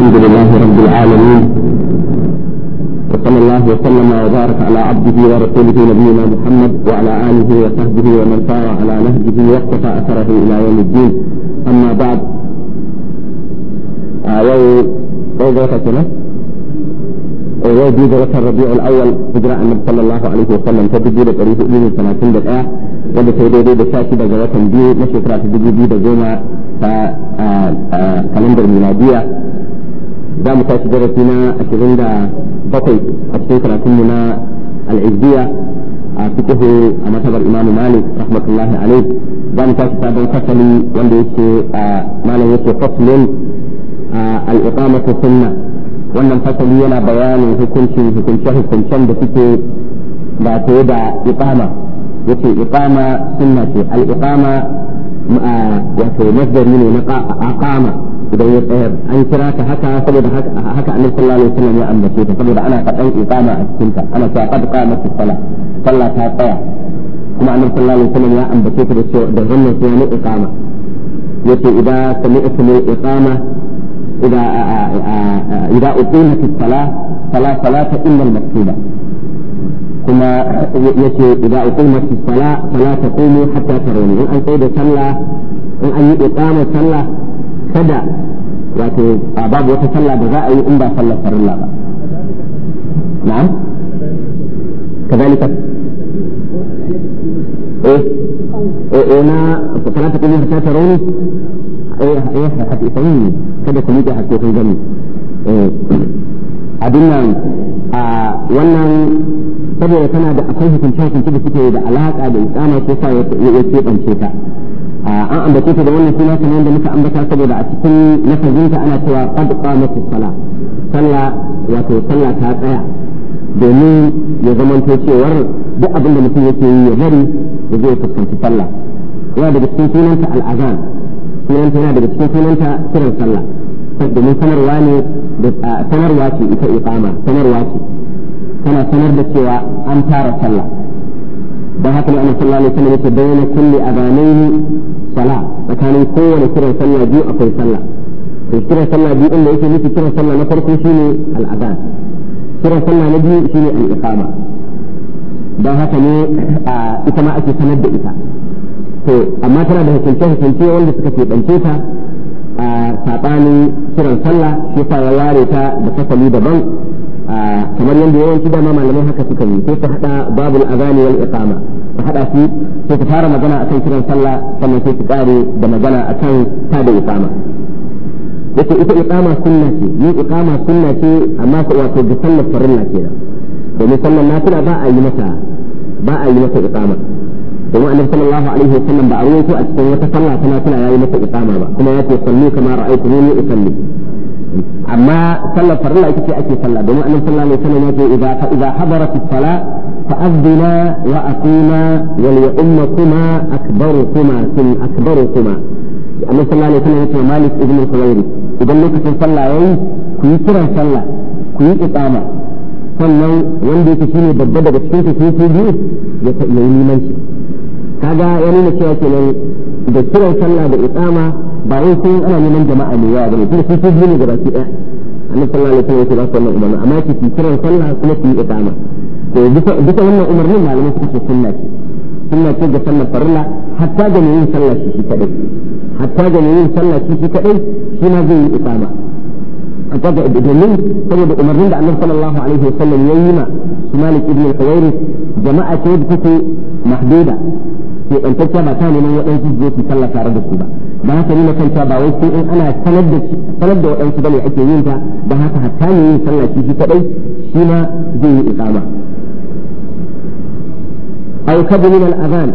الحمد لله رب العالمين وصلى الله وسلم وبارك على عبده ورسوله نبينا محمد وعلى اله وصحبه ومن سار على نهجه واقتفى اثره الى يوم الدين اما بعد آه، يوم آه، يوم سنه ويوم بيجرة الربيع الاول هجرة النبي صلى الله عليه وسلم تبدي لطريق ابن سنتين دقائق wanda sai daidai da sati daga watan biyu na shekara ta dubu biyu da goma ta kalandar miladiya da mu tashi darasi na ashirin da bakwai a cikin karatunmu na al'izziya a fikihu a matabar imamu malik rahmatullahi alaih za mu tashi sabon fasali wanda yake a malam yake fasalin al'iqamatu sunna wannan fasali yana bayanin hukuncin hukunce hukuncen da suke ba tare da iqama yace iqama sunna ce al-iqama wato masdari ne na aqama idan ya tsayar an kira ta haka saboda haka annabi sallallahu alaihi wasallam ya ambace ta saboda ana fad'an iqama a cikin ta ana cewa qad qamat as-sala sallah ta tsaya kuma annabi sallallahu alaihi wasallam ya ambace ta da cewa da wannan sai ne iqama yace idan sami'tu min iqama idan idan uqimat as-sala fala ta illa al-maktuba kuma yace idan uqimat as-sala fala taqumu hatta tarawih in an tsaya da sallah in an yi iqama sallah kada wato babu wata sallah da za a yi in ba sallar farilla ba na'am kazalika eh, eh eh na kuma ta eh eh kada ku gani eh abin nan a wannan saboda tana da akwai hukunce hukunce da suke da alaƙa da iqama ko sa ya ta an ambace ta da wannan suna kamar yadda muka ambata saboda a cikin lafazinta ana cewa qad qamat sala sallah wato sallah ta tsaya domin ya zamanto cewar duk abin da mutum yake yi ya bari ya zo ya fuskanci sallah yana daga cikin sunanta al'azan sunanta yana daga cikin sunanta kiran sallah domin sanarwa ne sanarwa ce ita iqama sanarwa ce tana sanar da cewa an tara sallah da haka ne sallallahu alaihi wasallam yake bayyana kulli adanaini sala tsakanin kowane kiran sallah biyu akwai sallah to kiran sallah biyu inda yake nufi kiran sallah na farko shine al-adhan kiran sallah na biyu shine al-iqama don haka ne ita ma ake sanar da ita to amma tana da hukunce hukunce wanda suka ke ɗance ta a saɓanin kiran sallah shi fara ya ware ta da fasali daban kamar yadda yawanci dama malamai haka suka yi sai su hada babul azani wal iqama su hada su sai su fara magana akan kiran sallah sannan sai su kare da magana akan da iqama yace ita iqama sunna ce ni iqama sunna ce amma ko wato da sallar farilla kenan domin sallar nafila ba a yi mata ba a yi mata iqama domin annabi sallallahu alaihi wasallam ba a ruwaito a cikin wata sallah ta nafila yayi mata iqama ba kuma yace sallu kama ni usalli amma sallar farilla ita ce ake sallah domin annabi sallallahu alaihi wasallam ya ce idza fa idza hadarat as-salah fa adina wa aqima wa li ummakuma akbarukuma sun akbarukuma annabi sallallahu alaihi wasallam ya ce malik ibn khuwairi idan lokacin sallah yayi ku yi kiran sallah ku iqama sannan wanda yake shine babba daga cikin ku biyu ya yi kaga ya nuna da kiran sallah da iqama ba wai sai ana neman jama'a ne yawa bane tunda sun fi ne gaba ki ɗaya annabi sallallahu alaihi wasallam yake ba su wannan umarni amma yake ki kiran sallah kuma ki yi iqama to duka wannan umarnin malamai suka ce sunna ce sunna ce ga sallar farilla hatta ga mai yin sallah shi shi kadai hatta ga mai yin sallah shi shi kadai shi ma zai yi iqama kaga domin saboda umarnin da annabi sallallahu alaihi wasallam ya yi ma Malik ibn al-Khawairi jama'a ce da take mahduda ke ɗantacce ba ta neman waɗansu su je su sallah tare da su ba da haka nuna kanta ba wai sai in ana sanar da sanar da waɗansu bane ake yin ta da haka hatta ne yin sallah shi shi kadai shi ma zai yi iqama aw kadu min al adhan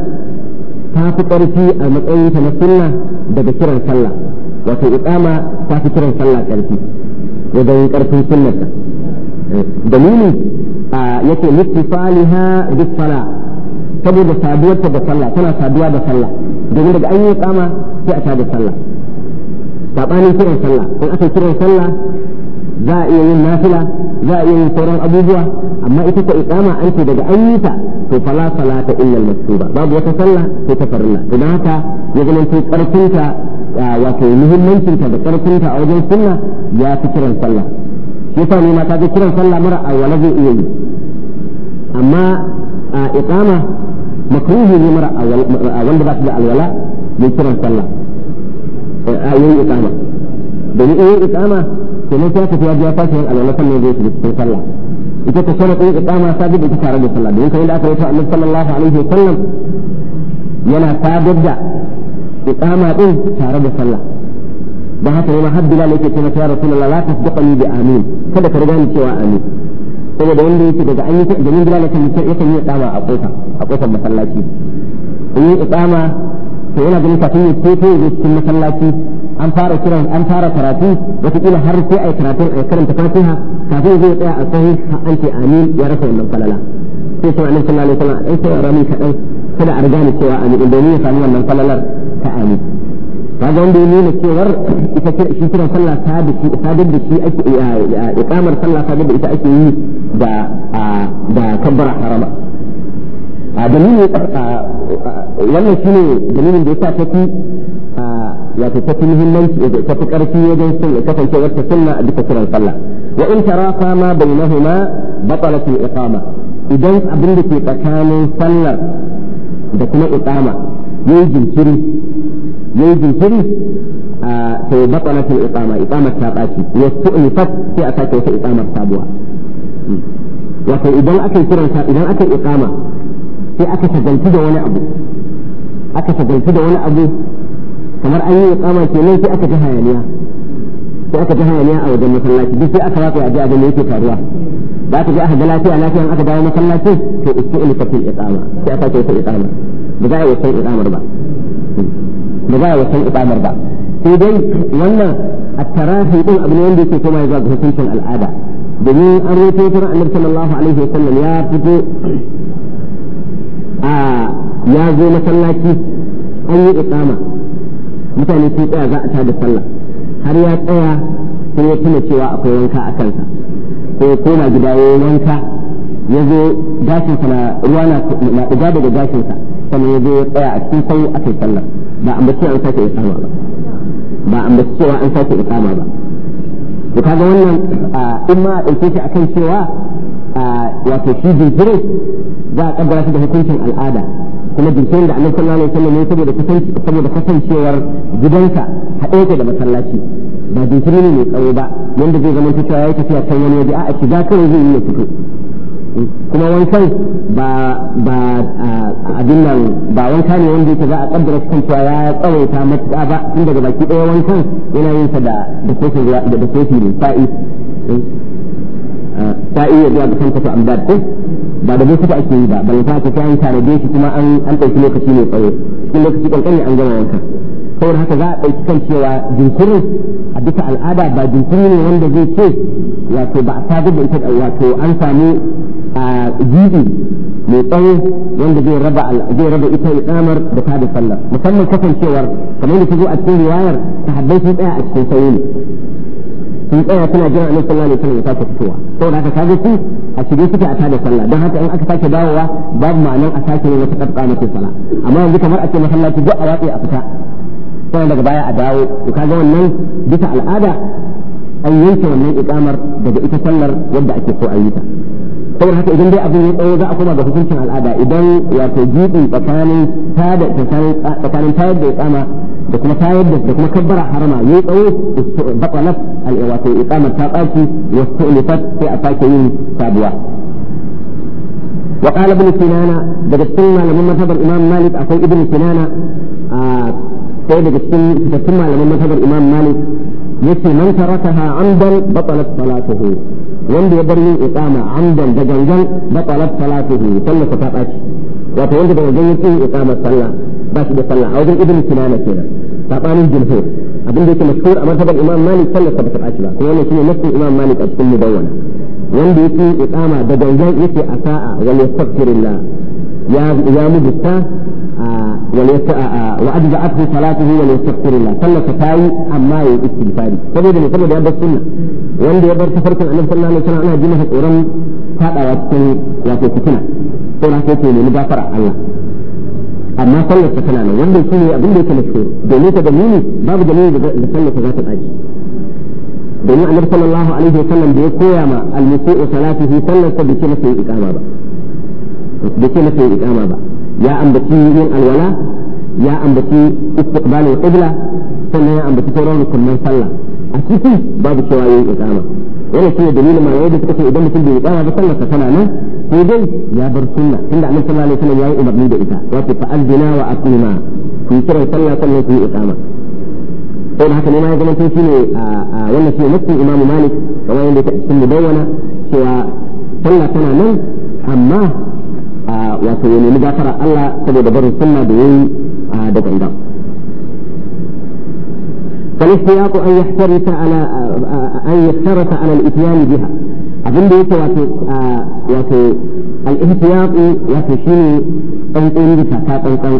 ta fi ƙarfi a matsayin ta na sunna daga kiran sallah wato iqama ta fi kiran sallah ƙarfi wajen ƙarfin sunnarta eh, dalili yake littifaliha bis salah saboda saduwarta da sallah tana saduwa da sallah domin daga an yi tsama sai a tada sallah sabanin kiran sallah in aka kiran sallah za a iya yin nafila za a iya yin sauran abubuwa amma ita ta iqama an ce daga an yi ta to fala salata illa al-maktuba babu wata sallah sai ta farilla ina dan haka ya zama to karfin ta wato muhimmancin ta da karfin ta a wajen sunna ya fi kiran sallah yasa ne ma ta ga kiran sallah mara awwala zai iya yi amma iqama makruhi ne mara wanda ba shi da alwala ya sallah a yayin iqama domin yayin iqama to ne ta tafi wajiya fashi yin alwala sannan zai shiga cikin sallah ita ta sanar ɗin iqama sabid da ita tare da sallah domin kamar da aka yi ta annabi sallallahu alaihi wa sallam yana sabid da iqama ɗin tare da sallah don haka yana har bilal yake ce bi kada ka riga ni cewa amin saboda wanda yake daga an yi da min bilal kan yakan yi tsama a kofa a kofar masallaci in yi tsama to yana ganin kafin ya fito ya cikin masallaci an fara kiran an fara karatu wata kila har sai ai karatu ai karanta fatiha kafin zai tsaya a sahi har an ce amin ya rasa wannan falala sai sai annabi sallallahu alaihi wasallam ai sai rami kadan kada a riga ni cewa amin inda ya samu wannan falalar ta amin kaga wanda ya nuna cewar ita ce shi kira sallah sadar da shi ake ikamar sallah sadar da ita ake yi da da kabbara harama a dalilin wannan shine dalilin da yasa tafi wato tafi muhimmanci tafi karfi wajen sunna kasance ta sunna a duka kiran sallah wa in tarafa ma bainahuma batalat al-iqama idan abin da ke tsakanin sallar da kuma iqama yayi jinkiri yayi jinkiri to batsalat al-iqama iqamar ta baci ya tu'lifat sai a sake wata iqamar sabuwa wato idan aka kiran idan aka iqama sai aka shagaltu da wani abu aka shagaltu da wani abu kamar an yi iqama kenan sai aka ji hayaniya sai aka ji hayaniya a wajen masallaci duk sai aka ratsa a ji abin da yake faruwa da aka ji aka ga lafiya lafiya aka dawo masallaci to iqama sai aka iqama ba za yi iqamar ba ba za a wasan iƙamar ba sai dai wannan a tarahi din abu ne wanda yake koma ya zuwa ga hukuncin al'ada domin an rufe wutar annabi sallallahu alaihi wa sallam ya fito a ya zo masallaci an yi iƙama mutane sun tsaya za a tada sallah har ya tsaya sai ya tuna cewa akwai wanka a kansa sai ya koma gida ya wanka ya zo gashinsa na ruwa na ɗiga daga gashinsa sannan ya zo ya tsaya a cikin sau a kai sallah ba ambaci an sake iqama ba ba ambaci cewa an sake iqama ba to ga wannan in ma ɗauke shi akan cewa wato shi jinkirin za a kabbara shi da hukuncin al'ada kuma jinkirin da annabi sallallahu alaihi wasallam ne saboda kasance saboda kasancewar gidansa haɗe yake da masallaci ba jinkiri ne mai tsawo ba wanda zai zama cewa ya tafiya kan wani waje a'a shiga kawai zai iya fito kuma wankan ba ba abin nan ba wanka ne wanda yake za a kaddara kan cewa ya tsawaita matuƙa ba tun daga baki ɗaya wankan yana yin sa da da kofi ne fa'i eh, fa'i ya zuwa ga kan kafa ko ba da bai ake yi ba balle ta ta yin tare da shi kuma an ɗauki lokaci ne tsawo cikin lokaci kankani an gama wankan saboda haka za a ɗauki kan cewa jinkirin a duka al'ada ba jinkiri ne wanda zai ce wato ba a sabu da ita wato an sami a jibi mai tsawo wanda zai raba zai raba ita iqamar da ta da sallah musamman kasancewar kamar da zo a cikin riwayar haddai sun tsaya a cikin sauri ne sun tsaya suna jiran annabi sallallahu alaihi wasallam ya sake fitowa saboda haka kaje su a shirye suke a tada sallah don haka in aka sake dawowa babu ma'anar a sake ne wata karɓa na sala amma yanzu kamar a ce masallaci duk a watsi a fita sannan daga baya a dawo to kaga wannan bisa al'ada an yanke wannan iqamar daga ita sallar yadda ake so a yi ta saboda haka idan dai abin ya tsawo za a koma ga hukuncin al'ada idan wato gibi tsakanin tada tsakanin tayar da iqama da kuma tayar da kuma kabbara harama ya tsawo batalat wato iqamar ta tsaki wa tulifat sai a sake yin sabuwa wa qala ibn sinana daga cikin malaman mazhabar imam malik akwai ibn sinana sai daga cikin fitattun malaman mazhabar imam malik yace man tarakaha amdan batalat wanda ya bar yin iqama amdan da gangan da talat salatuhu sallar ta baci wato wanda da gangan yake yin iqama sallah ba shi da sallah a wajen ibnu kinana kenan sabanin jumhur abin da yake mashhur a madhabar imam malik sallar ta baci ba kuma wannan shine nasin imam malik a cikin mudawwana wanda yake iqama da gangan yake asa'a wal yastaghfirullah ya ya mujta وليت وعد بعث صلاته وليستغفر الله صلى فتاوي اما يستغفر فبي دي صلى دي ابو سنه وين دي ابو سفر كان النبي صلى الله عليه وسلم انا جينا في قران فادا واتكن يا في سكنه قران كيف يقول لي غفر الله اما صلى فتاوي انا وين دي سوي ابو دي كان الشور دي ليت دميني ما بجميني بصلى ذات الاجر دي النبي صلى الله عليه وسلم دي كويما المسيء صلاته صلى بكلمه الاقامه بكلمه الاقامه ya ambaci yin alwala ya ambaci istiqbalul qibla sannan ya ambaci sauran rukunin sallah a cikin babu cewa yin iqama wannan shine dalilin malamai da suka ce idan mutum bai iqama ba sallar sa tana nan ko dai ya bar sunna inda annabi sallallahu alaihi wasallam ya yi umarni da ita wato azina wa aqima ku kira sallah sannan ku yi iqama sai da haka ne ma ya mutum shi ne wannan shi ne nufin imam malik kamar yadda ta cikin mudawwana cewa sallah tana nan amma Ah, wato ya nemi gafara Allah saboda barin sunna da yayi ah, da gangan فالاحتياط أن يحترس على أن يحترس على الإتيان بها abin da yake wato ah, wato al-ihtiyat tsantsan bisa ta tsantsan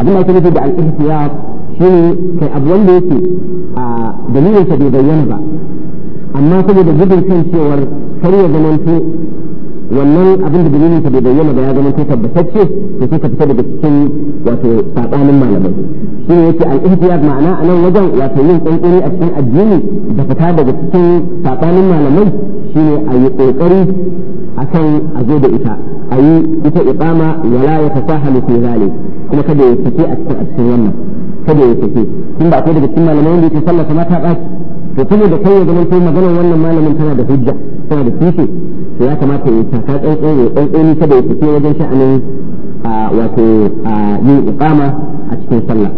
abin da ake da al-ihtiyat shine kai abu wanda yake a dalilin bai bayyana ba amma saboda gudun kar ya zamanto wannan abin da dalilin ta bai bayyana ba ya zama ko tabbatacce to sai ka fita daga cikin wato sabanin malamai shi ne yake al-ihtiyar ma'ana a nan wajen wato yin kankani a cikin addini da fita daga cikin sabanin malamai shi ne a yi kokari akan a zo da ita a yi ita iqama wala ya tasahalu fi zalik kuma kada ya fice a cikin wannan kada ya fice tun ba akwai daga cikin malamai wanda yake sallata kuma ta ɓaci to da kai ya zama kai maganar wannan malamin tana da hujja suna da kishi to ya kamata ya taka tsantsan ya tsantsani saboda ya fito wajen sha'anin wato yin iqama a cikin sallah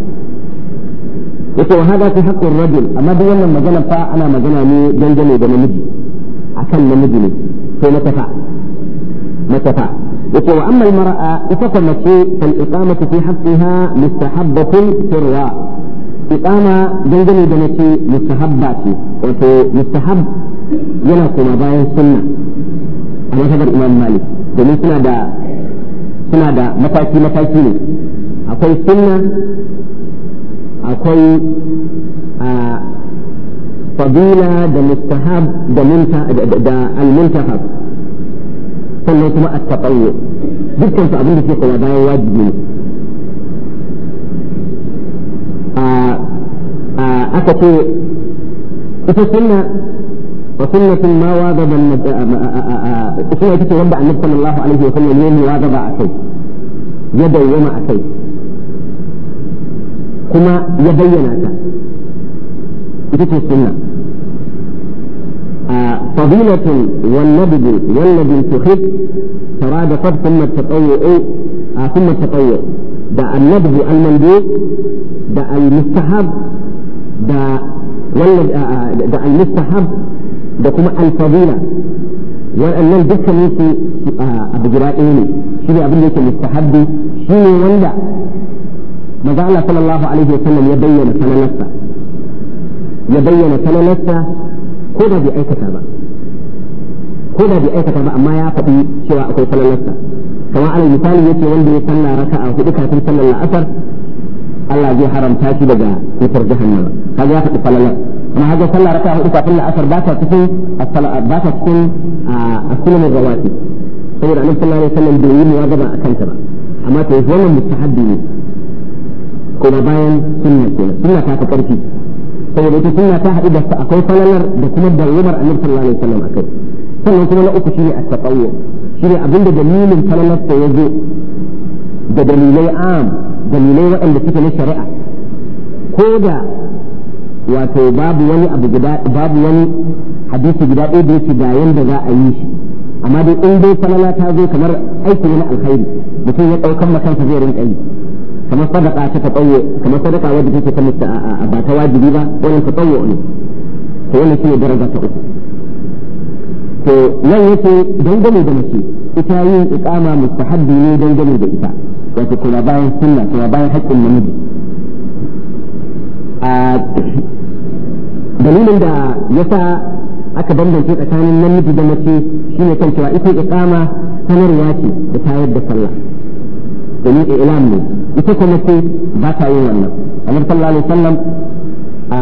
yace wa hada fi haqqur rajul amma duk wannan magana fa ana magana ne dangane da namiji akan namiji ne sai na tafa na tafa yace wa amma almar'a ita kuma ce fal iqamatu fi haqqiha mustahabbatun sirra iqama dangane da mace mustahabba ce wato mustahab yana koma bayan sunna a masabar imam malik domin suna da suna da mataki mataki ne akwai sunna akwai a fadila da mustahab da munta da al sannan kuma a taqawwu dukkan su abin da ke kuma bayan wajibi ne a aka ce ita sunna وسنة ما واجب آه، آه، آه، سنة تكي ودع النبي صلى الله عليه وسلم يوم واظب عكي يدوم عكي كما يبينك تكي السنة فضيلة والنبي والذي تخف قد ثم التطوع ثم التطوع ده النبي المندوب ده المستحب ده والذي دع المستحب da kuma alfadila waɗannan dukkanin su abu guda ɗaya ne shi ne abin da yake mustahabbi shi ne wanda maza Allah sallallahu alaihi wa sallam ya bayyana sananarsa ya bayyana sananarsa ko da bai aikata ba ko da bai aikata ba amma ya faɗi cewa akwai sananarsa kamar alal misali yace wanda ya sallah raka'a hudu kafin sallar la'asar Allah zai haramta shi daga wutar jahannama kaga ya faɗi falalar ما هذا صلى ركعه اوكا قلنا اثر باتا تكون باتا آه، تكون السنن الرواتب صلى الله عليه وسلم بيوم واجب كنترا اما تيزون المتحدي كما باين سنة سنة سنة كاكا كاركي صلى الله عليه وسلم تاها اذا استأكو صلى الله عليه وسلم دا عمر امير صلى الله عليه وسلم اكو صلى الله عليه وسلم اوكا شيري التطوع شيري ابن دا دليل صلى الله عليه وسلم دا دليلي عام دليلي وقال لكي تلي شريعة كودا wato babu wani abu guda babu wani hadisi guda ɗaya da yake ga yanda za a yi shi amma dai in dai falala ta zo kamar aiki na alkhairi mutum ya ɗaukan makansa zai rinka yi kamar sadaka ta tsawo kamar sadaka wadda take ta a ba ta wajibi ba wannan ta tsawo ne to wannan shine daraja ta uku to nan yake dangane da mace ita yin iqama mustahabbi ne dangane da ita wato kula bayan sunna kula bayan haƙƙin namiji a dalilin da ya sa aka bambance tsakanin namiji da mace ne kan cewa ita ikama sanarwa ce da tayar da sallah domin ilam ne ita kuma mace ba ta yin wannan annabi sallallahu alaihi wasallam a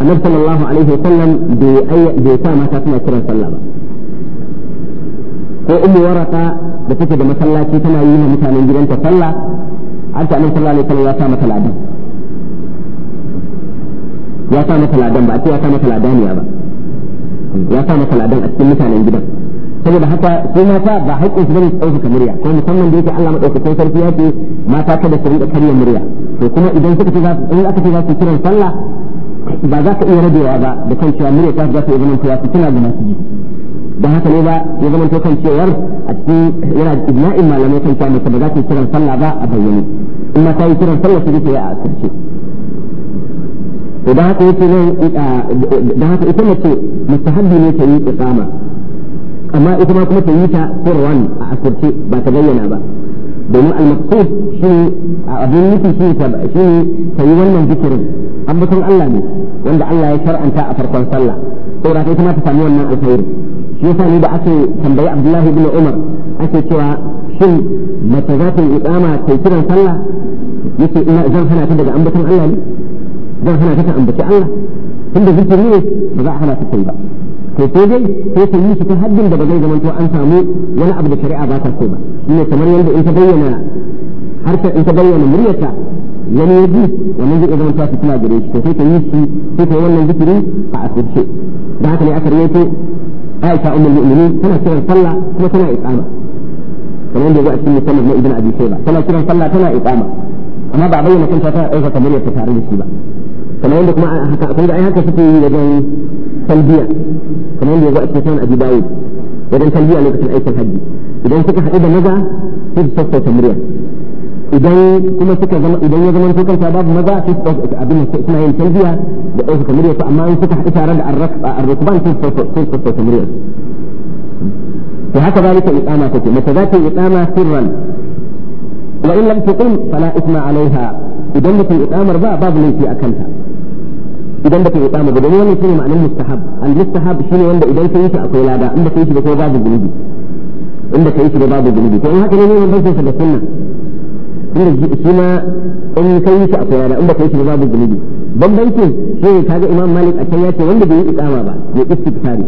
annabi sallallahu alaihi wasallam bai sa mata suna kiran sallah ba ko ummu waraka da take da masallaci tana yi wa mutanen gidanta sallah har ta annabi sallallahu alaihi wasallam ya sa mata ladan ya sa mata ladan ba a ce ya sa mata ladaniya ba ya sa mata ladan a cikin mutanen gidan saboda haka sai mata ba haƙƙin su bane su ɗaukaka murya ko musamman da yake Allah madaukakin sarki ya ce mata kada su rinka karya murya to kuma idan suka ce za su in aka ce za su kiran sallah ba za ka iya rabewa ba da kan cewa murya ta za ta zama ta su tana da masu ji don haka ne ba ya zama to kan cewar a cikin yana ijma'in malamai kan cewa mace ba za ta kiran sallah ba a bayyane in ma ta yi kiran sallah su ta a asirce to da haka yake nan da haka ita mace mustahabbi ne ta yi iqama amma ita ma kuma ta yi ta sirran a asirce ba ta bayyana ba domin al-maqsud shi abin nufi shi ta yi wannan zikirin ambaton Allah ne wanda Allah ya shar'anta a farkon sallah saboda kai kuma ta sami wannan alkhairi shi yasa ne da aka tambayi Abdullahi ibn Umar ake cewa shin mace za ta yi iqama ta kiran sallah yake ina zan hana ta daga ambaton Allah ne don hana ka ambaci Allah tunda zikiri ne ba za a hana ka kai ba to sai dai sai ka yi shi ta haddin da ba zai zama to an samu wani abu da shari'a ba ta so ba shine kamar yadda in ka bayyana harka in ka bayyana muryarka wani ya ji wannan zai zama ta fitina gare shi to sai ka yi shi sai ka yi wannan zikiri a asirce da haka ne aka rawaito Aisha ummul mu'minin tana kiran sallah kuma tana iqama kamar yadda ya zo a cikin musamman na ibn abi shayba tana kiran sallah tana iqama amma ba bayyana kanta tana ɗaukaka muryarta tare da shi ba كما عندك مع تنبع هكا شكي وجن تلبية كما عندي وقت مثلا أبي داود وجن تلبية لغة الأيس الحدي إذا سكا إذا ماذا في تصفى تمرية إذا كما سكا إذا يزمن سكا شباب ماذا في أبين اسمها تلبية لأيس تمرية فأما إن سكا إشارة الركبان في تصفى تمرية وهكذا ذلك الإقامة تتي متى ذات الإقامة سرا وإن لم تقم فلا إثم عليها إذا لك الإقامة باب ليس أكلتها idan da ka yi tsama ba domin wannan shine ma'anar mustahab al mustahab shine wanda idan kai shi akwai lada inda ka yi shi da kuma babu zunubi inda ka yi shi da babu zunubi to in haka ne ne sai sa da sunna inda shi ma in kai shi akwai lada inda ka yi shi da babu zunubi bambancin shine kaga imam malik a can ya ce wanda bai yi tsama ba ya istighfari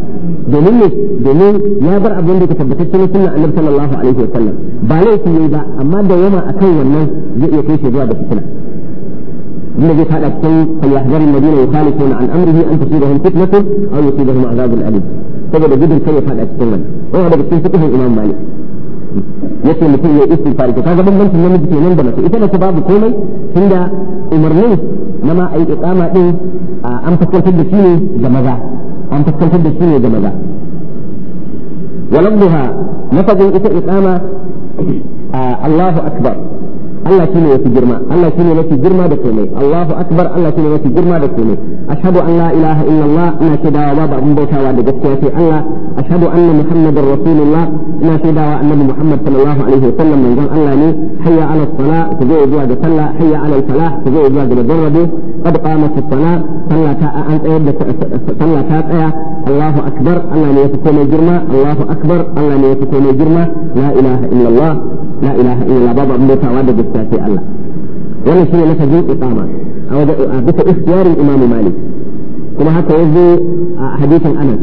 domin ne domin ya bar abin da ke tabbatar na sunna annabi sallallahu alaihi wasallam ba laifi ne ba amma da yama akan wannan zai iya kai shi zuwa da fitina الذي قال الشيء فليحذر الذين يخالفون عن امره ان تصيبهم فتنه او يصيبهم عذاب اليم saboda gudun kai faɗa cikin wani wani daga cikin fiqhin imam malik yace mutum ya istighfar ka kaga bambancin namiji kenan da mace ita da ta babu komai tunda umarnin na ma ayi iqama din an fuskantar da shi ne ga maza an fuskantar da shi ne ga maza ita Allahu akbar Allah shine yafi girma Allah shine mafi girma da komai Allahu akbar Allah shine mafi girma da komai ashhadu an la ilaha illallah ina shaidawa babu abin bautawa da gaskiya sai Allah ashhadu anna muhammadar rasulullah ina shaidawa annabi muhammad sallallahu alaihi sallam manzon Allah ne hayya ala sala ku zo zuwa ga sallah hayya ala falah ku zo zuwa ga babban rabo qad qamat as sallah ta an tsayar da sallah ta tsaya Allahu akbar Allah ne yafi komai girma Allahu akbar Allah ne yafi komai girma la ilaha illallah la ilaha illallah babu abin bautawa da gaskiya كافي الله ولا شيء لك ذي إقامة أو بس آه، اختيار الإمام مالك كما حتى يجي آه، حديث الأنس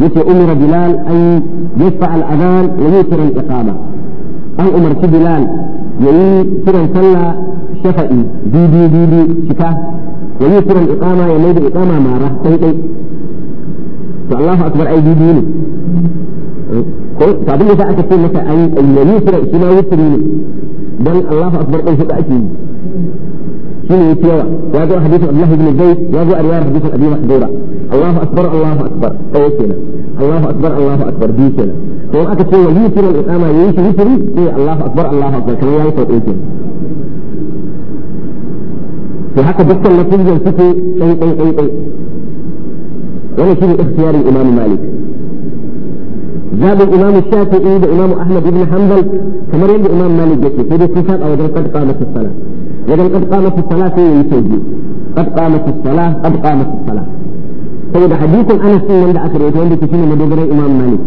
مثل أمر بلال أن يدفع الأذان ويوتر الإقامة أو أمر بلال يقول ترى صلى شفئي دي دي دي دي شفاء ويوتر الإقامة يميد إقامة ما راه تهيئي فالله أكبر أي دي دي لي أه، فأبني فأتكون مثلا أن يوتر إشما يوتر لي بل الله أكبر أي شيء أكيد من يتيوى واجه حديث الله بن الزيت واجه أريار حديث الأبي محدورة الله أكبر الله أكبر أيكينا طيب الله أكبر الله أكبر ديكينا فهو أكتبه يوتر الإقامة يوتر يوتر إيه، الله أكبر الله أكبر كان يعني طيب إيه الله يوتر أيكينا في حق بطل نتيجة الفتو شيء طيب، أي أي أي ولا شيء اختياري إمام مالك ذهب الإمام الشافعي وإمام أحمد بن حنبل كما يقول الإمام مالك يكي في الاستشهاد أو قد قامت الصلاة إذا قد قامت الصلاة في يسجد قد قامت الصلاة قد قامت الصلاة سيد طيب، حديث أنس من دعت الروايتين بكثير من دوبر الإمام مالك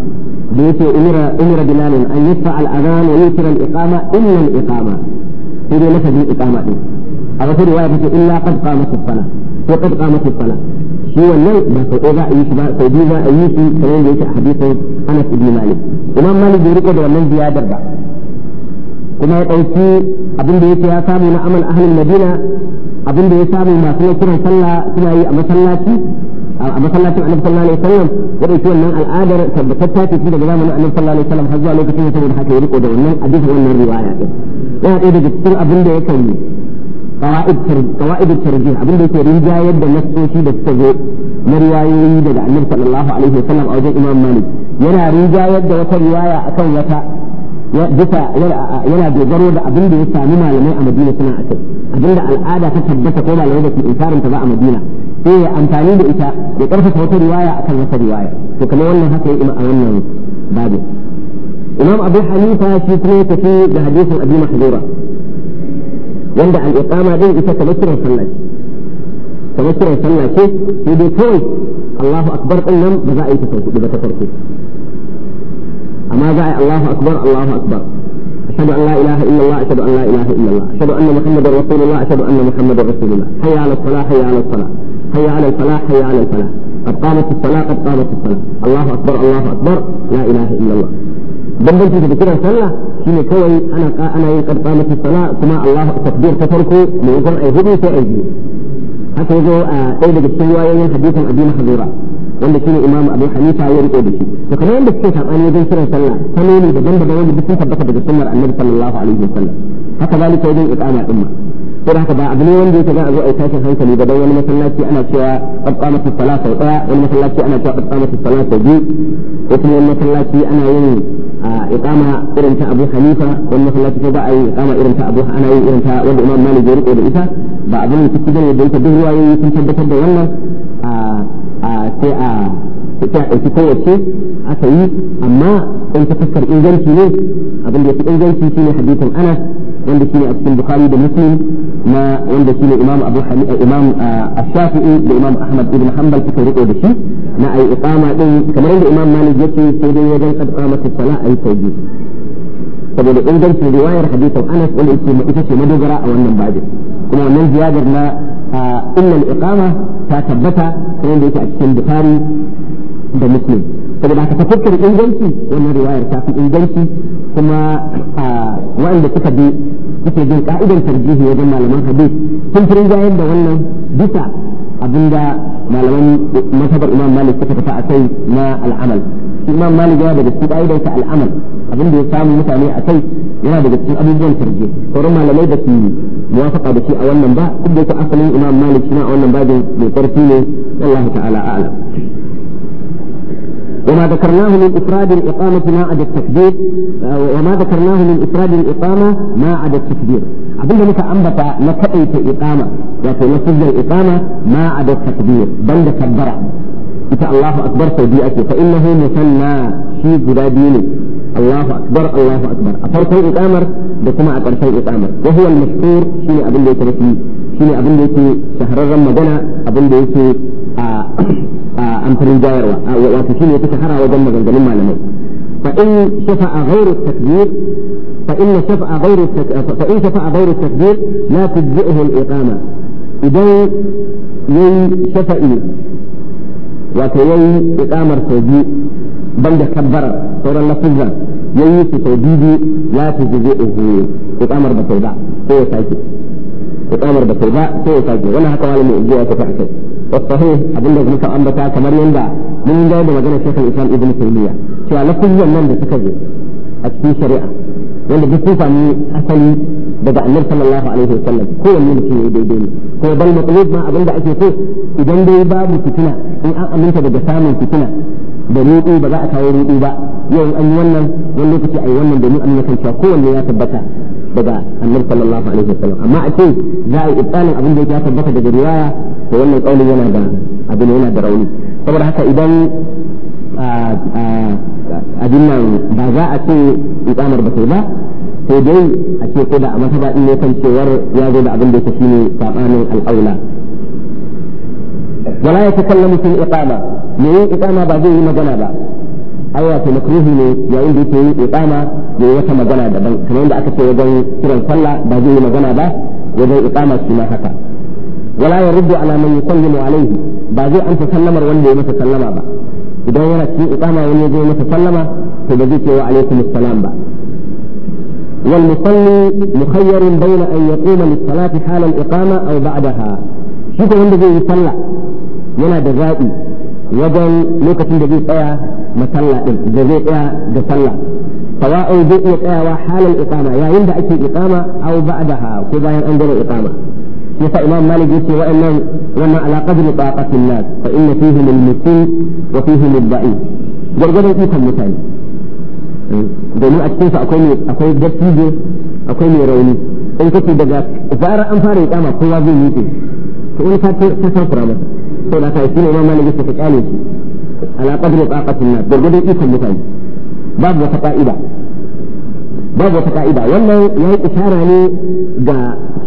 بيتي أمر أمر بلال أن يدفع الأذان ويؤثر الإقامة إلا الإقامة في نفذ الإقامة في رواية إلا قد قامت الصلاة وقد قامت الصلاة shi wannan ba sau ɗaya za a yi shi ba sau biyu za a yi shi kamar yadda yake a hadisin Anas ibn Malik Imam Malik bai riko da wannan ziyadar ba kuma ya ɗauki abin da yake ya samu na amal ahlul Madina abin da ya samu masu na kiran sallah suna yi a masallaci a masallacin Annabi sallallahu alaihi wasallam ya ɗauki wannan al'adar tabbatatta ce daga zamanin Annabi sallallahu alaihi wasallam har zuwa lokacin da saboda haka ya riko da wannan a bisa wannan riwaya din yana ɗaya daga cikin abin da ya kan قوائد ترج قوائد الترجيح أبن بيت رجاية بنفسه في بسجد مرياي ويدا عمر صلى الله عليه وسلم أو جل إمام مالك ينا رجاية وكل رواية أكون لك يدفع ينا بضرورة أبن بيت مما لم يأم دين سنة أكد أبن العادة تتبت قولا لغدة الإنسان تضع مدينة في أمتاني بإتاء بطرفة وكل رواية أكون لك رواية فكما يقول لها كي إمام أغنى بابه إمام أبو حنيفة شيطنة في حديث أبي محضورة wanda al iqama din ita kamar kiran sallah ce kamar kiran sallah ce sai dai kawai Allahu akbar din nan ba za a yi ta sauki ba ta farko amma za a yi Allahu akbar Allahu akbar ashhadu an la ilaha illa Allah ashhadu an la ilaha illa Allah ashhadu anna muhammadar rasulullah ashhadu anna muhammadar rasulullah hayya 'ala salah hayya 'ala salah hayya 'ala salah hayya 'ala salah قد قامت الصلاة قد قامت الصلاة الله أكبر الله أكبر لا إله إلا الله بل بنتي تذكرها صلاة shine kawai ana ana yin karba mata sala kuma Allahu takbir ta farko mai gon ai hudu sai ai biyu haka yazo a ɗaya daga cikin wayoyin hadisin Abi Hurairah wanda shine Imam Abu Hanifa ya rike da shi to kamar yadda suke sabani wajen kiran sallah kaloli daban-daban wanda duk sun tabbata daga sunnar Annabi sallallahu alaihi wasallam haka zalika wajen iqama din ma ko haka ba abu ne wanda yake za a zo a yi hankali da wani masallaci ana cewa qabqa mata salata sau daya wani masallaci ana cewa qabqa mata salata biyu ko kuma wani masallaci ana yin iqama irin ta Abu Hanifa wani masallaci ko ba a yi iqama irin ta Abu ana irin ta wanda Imam Malik ya riko da ita ba abin da take da yake duk ruwayoyi sun tabbatar da wannan a sai a sai a ɗauki kowace aka yi amma in ta fuskar inganci ne abin da ya fi inganci ne hadithin anas wanda shine a cikin bukhari da muslim na wanda shine imam abu eh, imam ah, ash-shafi'i da imam ahmad ibn hanbal suka riko da shi na ai iqama din kamar yadda imam malik yake sai dai wajen qad qamatu salat ai tawbi saboda ingancin riwayar hadithin anas wanda yake ita ce madogara a wannan babin kuma wannan ziyadar na ah, inna al-iqama ta tabbata kamar yadda yake a cikin bukhari da muslim saboda haka tafakkur inganci wannan riwayar ta fi inganci kuma waɗanda suka bi suke bin ka'idar tarjihi wajen malaman hadith sun fi rinjayar da wannan bisa abinda malaman masabar imam malik suka tafi a kai na al'amal imam malik yana daga cikin ta al'amal abinda ya samu mutane a kai yana daga cikin abubuwan tarjih sauran malamai da su muwafaqa da shi a wannan ba duk da asalin imam malik shi a wannan babin mai ƙarfi ne wallahi ta'ala a'lam وما ذكرناه من إفراد الإقامة ما عدا التكبير وما ذكرناه من إفراد الإقامة ما عدا التكبير abinda muka ambata na kaɗaita iqama wato na sujjar iqama ma a da takbir ban da kabbara ita Allahu akbar sau biyu ake fa innahu musanna shi guda biyu ne Allahu akbar Allahu akbar a farkon iqamar da kuma a ƙarshen iqamar abin da rafi abin da shahararren magana abin da yake a amfanin jayarwa wato يتكحرها وجمع shahara wajen maganganun فإن شفع غير التكبير فإن شفع غير التك... فإن شفع غير التكبير لا تجزئه الإقامة إذا يي شفعي وتيي إقامة سوجي بند كبر صورة لفظة يي سودي لا تجزئه إقامة بسوداء سوى سايكي إقامة بسوداء سوى سايكي ولا هكذا المؤجزة تفعل والصحيح أبن لك نسا أمبتا كمر يندع من يندع بمجال الشيخ الإسلام ابن تيمية شو على كل من بسكبه أكفي shari'a wanda duk kufa ne asali daga annabi sallallahu alaihi wasallam ko wanne mutum yayi daidai ne ko bal matlub ma abin da ake so idan dai babu fitina in an aminta daga samun fitina da ruɗu ba za a kawo ruɗu ba yau an yi wannan wani lokaci a yi wannan domin an yakan cewa kowanne ya tabbata daga annabi sallallahu alaihi wasallam amma a ce za a ibtalin abin da ya tabbata daga riwaya to wannan kaulin yana da abin yana da rauni saboda haka idan abin nan ba za a ce ibtamar ba sai ba sai dai a ce ko da a masaba in ne kan cewar ya zo da abin da yake shine sabanin al-aula wala ya fi sun iqama me yin iqama ba zai yi magana ba ai wato makruhi ne yayin da yake yin iqama ya yi wata magana daban kamar yadda aka ce wajen kiran falla ba zai yi magana ba wajen iqama shi ma haka wala yaruddu ala man yusallimu alaihi ba zai amsa sallamar wanda ya masa sallama ba idan yana cikin iqama wani ya masa sallama to ba zai ce wa alaikum assalam ba salati مخير al iqama aw ba'daha shi ko wanda zai yi salla yana da zabi wajen lokacin da zai tsaya. na sallah din da zai tsaya da sallah sawa'un zai iya tsayawa halin iqama yayin da ake iqama aw ba'daha ko bayan an gama iqama yasa imam malik yace wa'annan wannan ala qadri taqatin nas fa inna fihi lil mutim wa fihi lil da'if gurgurdan ikon mutane hmm. domin a cikin su akwai akwai dattijo akwai mai rauni in kace daga zarar an fara iqama kowa zai yi to wani ta ta fara masa to da ta shi ne imam malik yace ka kyale shi ala qadri taqatin nas gurgurdan ikon mutane babu wata ka'ida babu wata ka'ida wannan yayi isara ne ga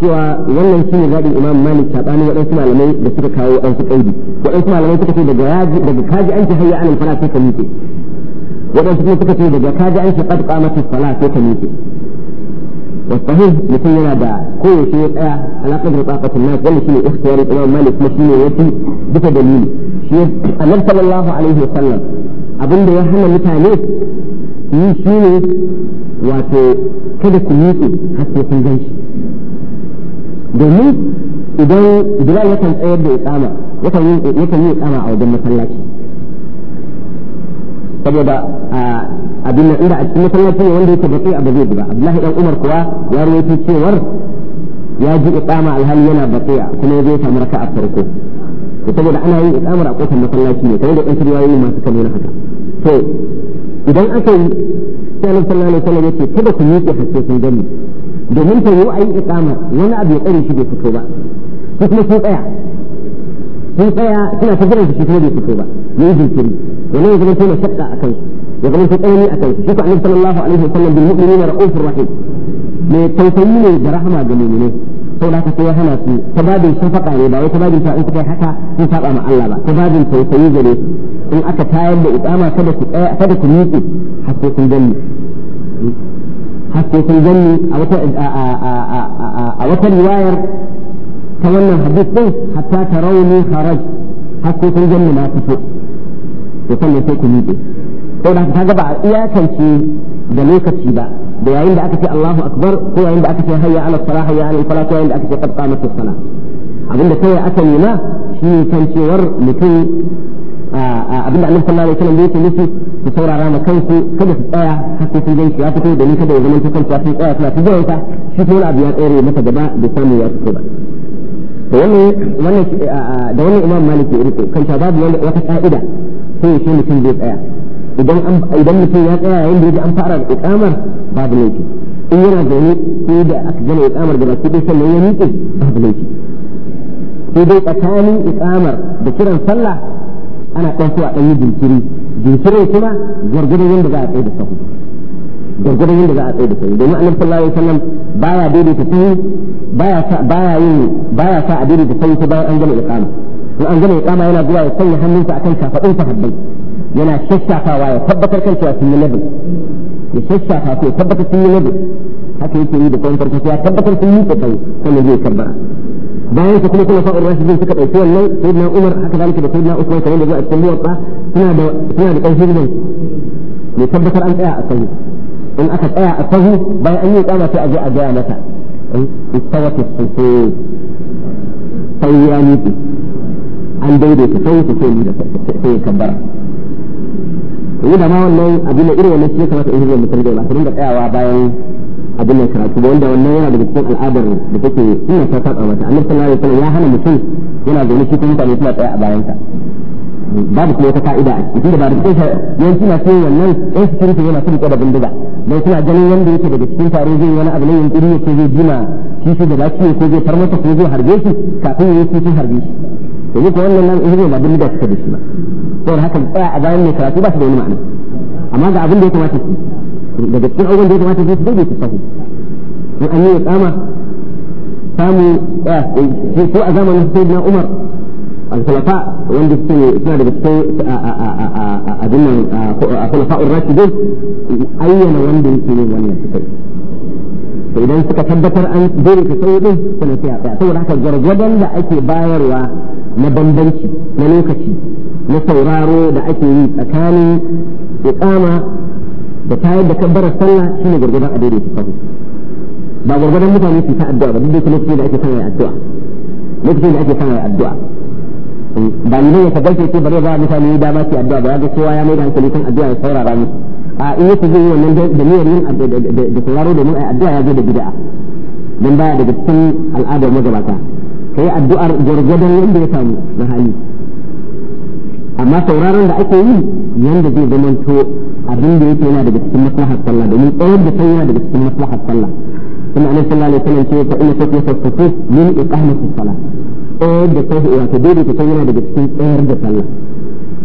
cewa wannan shine zaɓin imam malik sabani waɗansu malamai da suka kawo ɗansu ƙaidi waɗansu malamai suka ce daga yaji daga kaji an ji hayya alal fala sai ka miƙe waɗansu kuma suka ce daga kaji an shi qad qamatis salat sai ka ke. والصحيح مثل ما دا كل شيء على قدر طاقة الناس ولا شيء اختيار الإمام مالك مشيني يتي بتدليل شيء النبي صلى الله عليه وسلم abin da ya hana mutane yi shi ne wato kada ku miƙe har sai domin idan bilal yakan tsayar da iqama yakan yi iqama a wajen masallaci saboda abin nan inda a cikin masallaci ne wanda yake baki abu zai ba abdullahi dan umar kuwa ya rawaito cewar ya ji iqama alhali yana baqiya kuma zai samu raka'a farko to saboda ana yin iqamar a kofar masallaci ne kamar da ɗan riwayoyi masu kame na haka to idan aka yi sai annabi sallallahu alaihi wasallam yace kada ku miƙe hasse sun gani domin ta yi ayi iqamar wani abu ya tsare shi bai fito ba su kuma sun tsaya sun tsaya suna ta jiran shi kuma bai fito ba yayi jinkiri wannan zama sai mashaƙa a kansu ya zama sai a kansu shi ko annabi sallallahu alaihi wasallam bil mu'minina ra'ufur tausayi ne sai ya hana su ta babin shafaka ne ba wai ta babin in kuka haka sun saba ma Allah ba ta babin tausayi gare su in aka tayar da iqama kada ku kada ku miƙe har a wata a wata riwayar ta wannan hadith din hatta tarawni kharaj haraj sai kun gani na fito to sannan sai ku miƙe da haka kaga ba a iyakance da lokaci ba da yayin da aka ce Allahu akbar ko yayin da aka ce hayya ala salah hayya ala falah ko yayin da aka ce qad qamat abin da abinda yi aka nuna shi ne kan cewar mutum abinda Annabi sallallahu alaihi wasallam ce musu ku saurara ma kanku kada su tsaya har sai sun ganki ya fito da ni kada ya zama ta kanta tsaya suna ta sa shi ko wani abu ya tsere masa gaba da samu ya fito ba to wannan wannan da wannan Imam maliki ya rike kan babu wata ka'ida sai ya mutum zai tsaya idan mutum ya tsaya yayin da ya an fara da ikamar babu laifi in yana zaune sai da aka gama ikamar da ya miƙe babu laifi dai tsakanin ikamar da kiran sallah ana ɗan a ɗan yi jinkiri jinkirin kuma gwargwadon yadda za a tsaye da sahu gwargwadon yadda za a tsaye da sahu domin annabi sallallahu alaihi wasallam baya daidaita sahu baya sa baya yin baya sa a daidaita sahu bayan an gama ikamar in an gama iqama yana zuwa ya sanya hannunsa akan kafadun sahabbai yana shashafawa ya tabbatar kan cewa sun yi nabi ya shashafa ko ya tabbatar sun yi nabi haka yake yi da kwan farko ya tabbatar sun yi kokari sannan zai kabbara bayan su kuma kuma fa'ur rashidin suka ɗauki wannan sayyidina umar haka zalika da sayyidina usman kamar da a cikin muwatta suna da suna da ƙarfi ne tabbatar an tsaya a sahu in aka tsaya a sahu bayan an yi iqama sai a zo a gaya mata istawat as-sufuf sayyani an daidaita sai su sai da sai ya kabbara to yi da ma wannan abin da irin wannan shi kamata in zuwa mutar da ba su rinka tsayawa bayan abin da karatu ba wanda wannan yana daga cikin al'adar da take ina ta saba mata annabi sallallahu alaihi wasallam ya hana mutum yana zaune shi kuma mutane suna tsaya a bayan ka babu kuma wata ka'ida a cikin da ba da kusa yanzu na cikin wannan yan security yana son kada bindiga dan suna ganin wanda yake daga cikin taro zai wani abu ne yankuri ko zai jima shi shi da lafiya ko zai farmata ko zai harbe shi kafin ya yi sun harbe shi يقول أن الله إيه ما بدنا كتير بسمة فور هاك أذان مثلا تبى تقول ما أنا أما إذا أقول ده ما تسمع إذا قلت أنا أقول ده ما تسمع تقول بس تسمع وأني أما سامو آه في سوء زمن سيدنا عمر الخلفاء وين بتسوي إثناء بتسوي أدنى الخلفاء آه، الراشدين أي نوع بتسوي وين بتسوي فإذا أنت كتبت أن دير في سوء دين سنتيا تقول هذا الجرد جدا لا أكيد باير na bambanci na lokaci na sauraro da ake yi tsakanin iqama da tayar da kabbarar sallah shine gurgurdan a daidaita sahu ba gurgurdan mutane su ta addu'a ba duk da lokacin da ake son addu'a lokacin da ake son addu'a ba ni ne ya tabbata ce bare ba mutane dama su addu'a ba ga kowa ya mai da hankali kan addu'a ya saurara musu a in yake zai yi wannan da niyyar yin da sauraro domin ai addu'a ya zo da bid'a dan baya daga cikin al'adar magabata kai addu'ar gwargwadon yadda ya samu na hali amma sauraron da ake yi yanda zai to abin da yake yana daga cikin maslahar sallah domin tsawon da sai yana daga cikin maslahar sallah kuma annabi sallah ne wasallam ce fa inna taqiya tasfuf min iqamati salah tsayar da sai wato daidaita sai yana daga cikin tsayar da sallah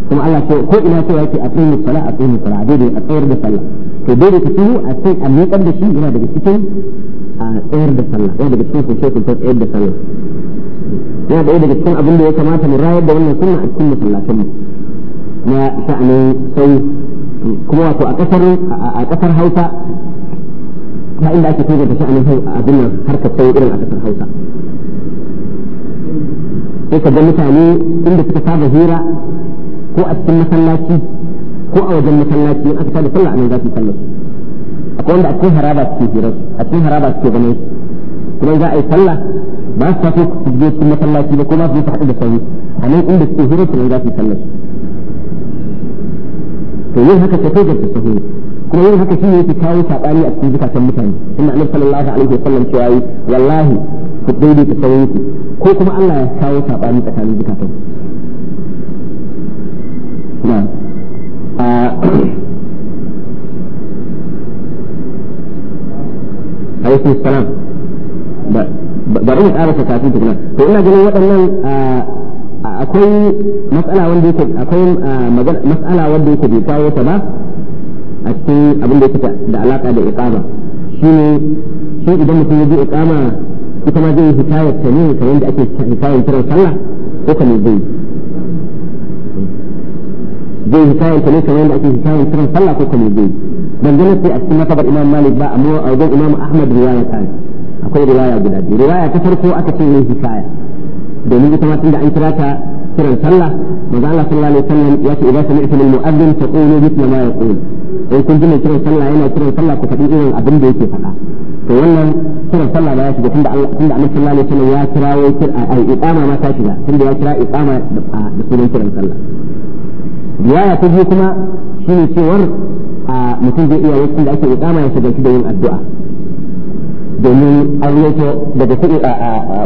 kuma Allah ce ko ina cewa yake a tsayin sallah a tsayin dai dai a tsayar da sallah to dai ta kitu a sai a miƙar da shi yana daga cikin a tsayar da sallah yana daga cikin sosai sosai tsayar da sallah yana ɗaya daga cikin abin da ya kamata mu rayar da wannan sunna a cikin masallatanmu na sha'anin sai kuma wato a ƙasar a ƙasar Hausa ba inda ake tunzanta sha'anin abin nan harkar sai irin a ƙasar Hausa sai ka ga mutane inda suka saba hira ko a cikin masallaci ko a wajen masallaci in aka tada sallah anan za su sallah akwai wanda a cikin haraba suke hirar a cikin haraba suke ganin kuma za a yi sallah ba su tafi su je su masallaci ba kuma su yi haɗu da sauri a nan inda suke hira su za su sallar to yin haka ta da tafi kuma yin haka ne yake kawo saɓani a cikin zukatan mutane kuma annabi sallallahu alaihi wasallam cewa yi wallahi ku ta sauri ko kuma Allah ya kawo saɓani tsakanin zukatan na عليكم السلام ba bari mu ta kafin tukuna to ina ganin waɗannan akwai matsala wanda yake akwai matsala wanda yake bai kawo ta ba a cikin abin da yake da alaka da iqama shine shi idan mutum ya ji iqama ita ma zai hitayar ta ne kamar da ake hitayar kiran sallah ko kamar zai zai hitayar ta ne kamar da ake hitayar kiran sallah ko kamar zai dangane sai a cikin masabar imam malik ba amma a wajen imam ahmad riwaya ta ne akwai riwaya guda biyu riwaya ta farko aka ce min hikaya domin ita ma tunda an kira ta kiran sallah manzo Allah sallallahu alaihi wasallam ya ce idan sami'tu lil mu'adhdhin taqulu mithla ma yaqul in kun ji mai kiran sallah yana kiran sallah ku faɗi irin abin da yake faɗa to wannan kiran sallah ba ya shiga tunda Allah tunda Annabi sallallahu alaihi wasallam ya kirawo kira ai iqama ma ta shiga tunda ya kira iqama da sunan kiran sallah riwaya ta biyu kuma shine cewar mutum zai iya wasu da ake iqama ya shiga shi da yin addu'a domin an yanko daga kuɗi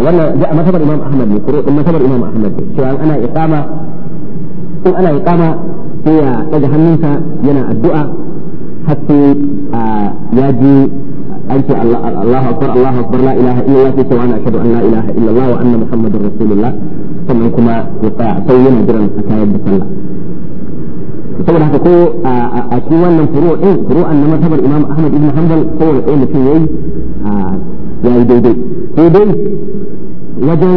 wannan ji a masabar imam ahmad ne kuro din masabar imam ahmad ne cewa ana iqama in ana iqama sai ya daga hannunsa yana addu'a har sai ya ji an ce Allahu akbar Allahu akbar la ilaha illallah sai cewa ana ashhadu an la ilaha illallah wa anna muhammadar rasulullah sannan kuma ya tsaya sai yana jiran a kayan da sallah saboda haka ko a cikin wannan furo din furo'an na masabar imam ahmad ibn hanbal kowane ɗaya mutum yayi ya yi daidai ko dai wajen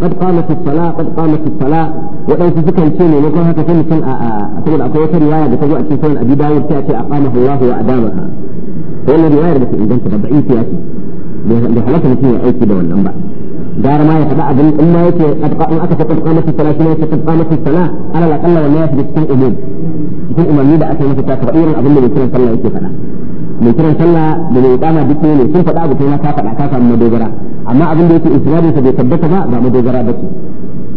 qad qamat as-salah qad qamat as-salah wadansu sukan ce ne maimakon haka sai mutum a saboda akwai wata riwaya da ta zo a cikin sunan abi dawud ta ce a aqamahu Allah wa adamaha wannan riwayar da ta inganta da da'ifi ya ce bai halatta mutum ya aiki da wannan ba gara ma ya faɗa abin in ma yake in aka faɗa qamatu salah shi ne yake qamatu salah ala al-aqalla wannan ya fi cikin umum cikin umarni da aka yi masa ta faɗa irin abin da bai kiran sallah yake faɗa mai kiran sallah da mai ikama duk ne sun faɗa abu na ka faɗa ka samu madogara amma abin da yake isnadin sa bai tabbata ba ba madogara ba ce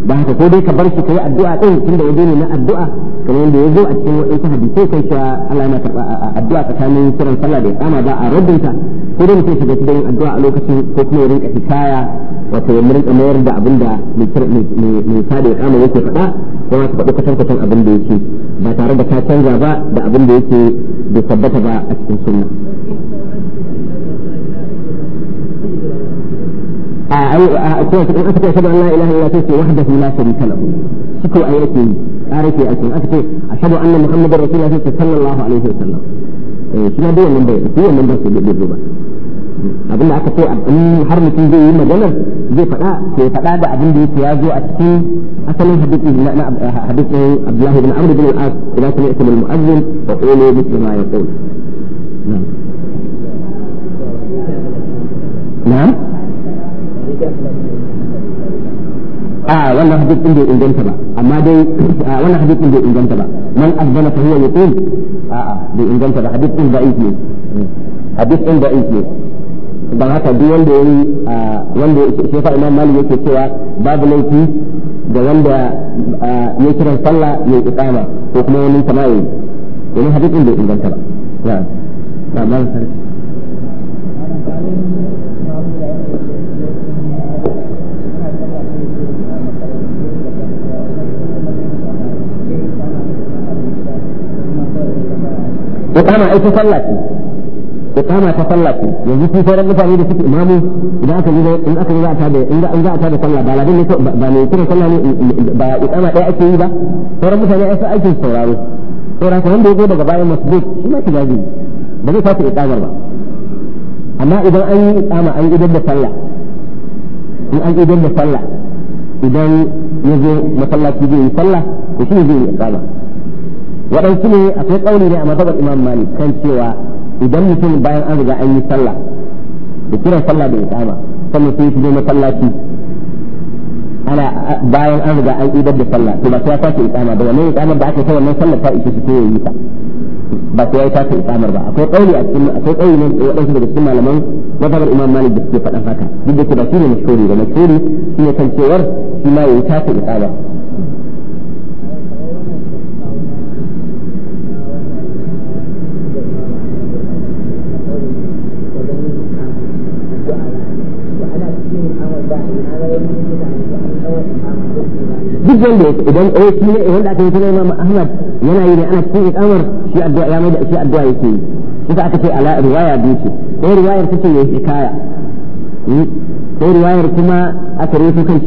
ba haka ko dai ka bar shi kai addu'a tun da yaje ne na addu'a kamar yadda zo a cikin wadansu sai kai cewa Allah yana karba addu'a tsakanin kiran sallah da ikama ba a ta. ko dai mutum shiga cikin addu'a a lokacin ko kuma ya rinka hikaya wato ya rinka mayar da abin da mai sada ya kama yake faɗa ko ma ka faɗi kwatan kwatan abin da yake ba tare da ka canza ba da abin da yake bai tabbata ba a cikin sunna a ai ko an aka ce ashhadu an la ilaha illa sai wahdahu la sharika lahu shi ko ai yake ƙara ke ake aka ce ashhadu anna muhammadar rasulullah sallallahu alaihi wasallam eh shi ma dai wannan bai wannan ba su bai zo ba abin da aka ce in har mutum zai yi maganar zai faɗa ke faɗa da abin da yake ya zo a cikin asalin hadisi na eh, hadisin Abdullahi bin Amr bin Al-As idan kuma ismu al-mu'azzin wa qulu mithla ma yaqul na'am a wannan hadisin bai inganta ba amma dai wannan hadisin bai inganta ba man azbana fa huwa yaqul a a bai inganta ba hadisin da'ifi ne hadisin da'ifi ne don haka duk wanda ya yi wanda shi fa imam malik yake cewa babu laifi da wanda ya kira sallah ya ko kuma wani sama wani hadisin bai inganta ba ya ba ma sallah ce kama ta sallah ku yanzu su sauran mutane da suke imamu idan aka yi in aka yi za a tada in za a tada da sallah ba ladin ne ba ne kira sallah ne ba iqama ɗaya ake yi ba sauran mutane ya sa ake sauraro sauran ka wanda ya zo daga bayan masjid shi ma tijabi ba zai fasa ikamar ba amma idan an yi iqama an idan da sallah in an idan da sallah idan ya zo masallaci zai yi sallah to shi ne zai yi ikama waɗansu ne akwai ƙauli ne a mazhabar imam malik kan cewa idan mutum bayan an riga an yi sallah da kiran sallah da ikama sannan sai na masallaci ana bayan an riga an idar da sallah to ba sai ya tashi ikama ba wannan ikama da aka sai wannan sallah ta ishe shi sai ya yi ta ba sai ya tashi ikamar ba akwai kauli a cikin akwai kauli ne wadansu daga cikin malaman mazhabar Imam Malik da suke faɗan haka duk da ba shi ne mashhuri ba mashhuri shi ne kan cewar shi ma ya tashi ikama duk wanda yake idan eh ne wanda aka yi Imam Ahmad yana yi ne ana cikin ikamar shi addu'a ya mai da shi addu'a yake yi kuka aka ce ala riwaya biyu ce riwayar take yayi hikaya hmm? riwayar kuma aka rufe kan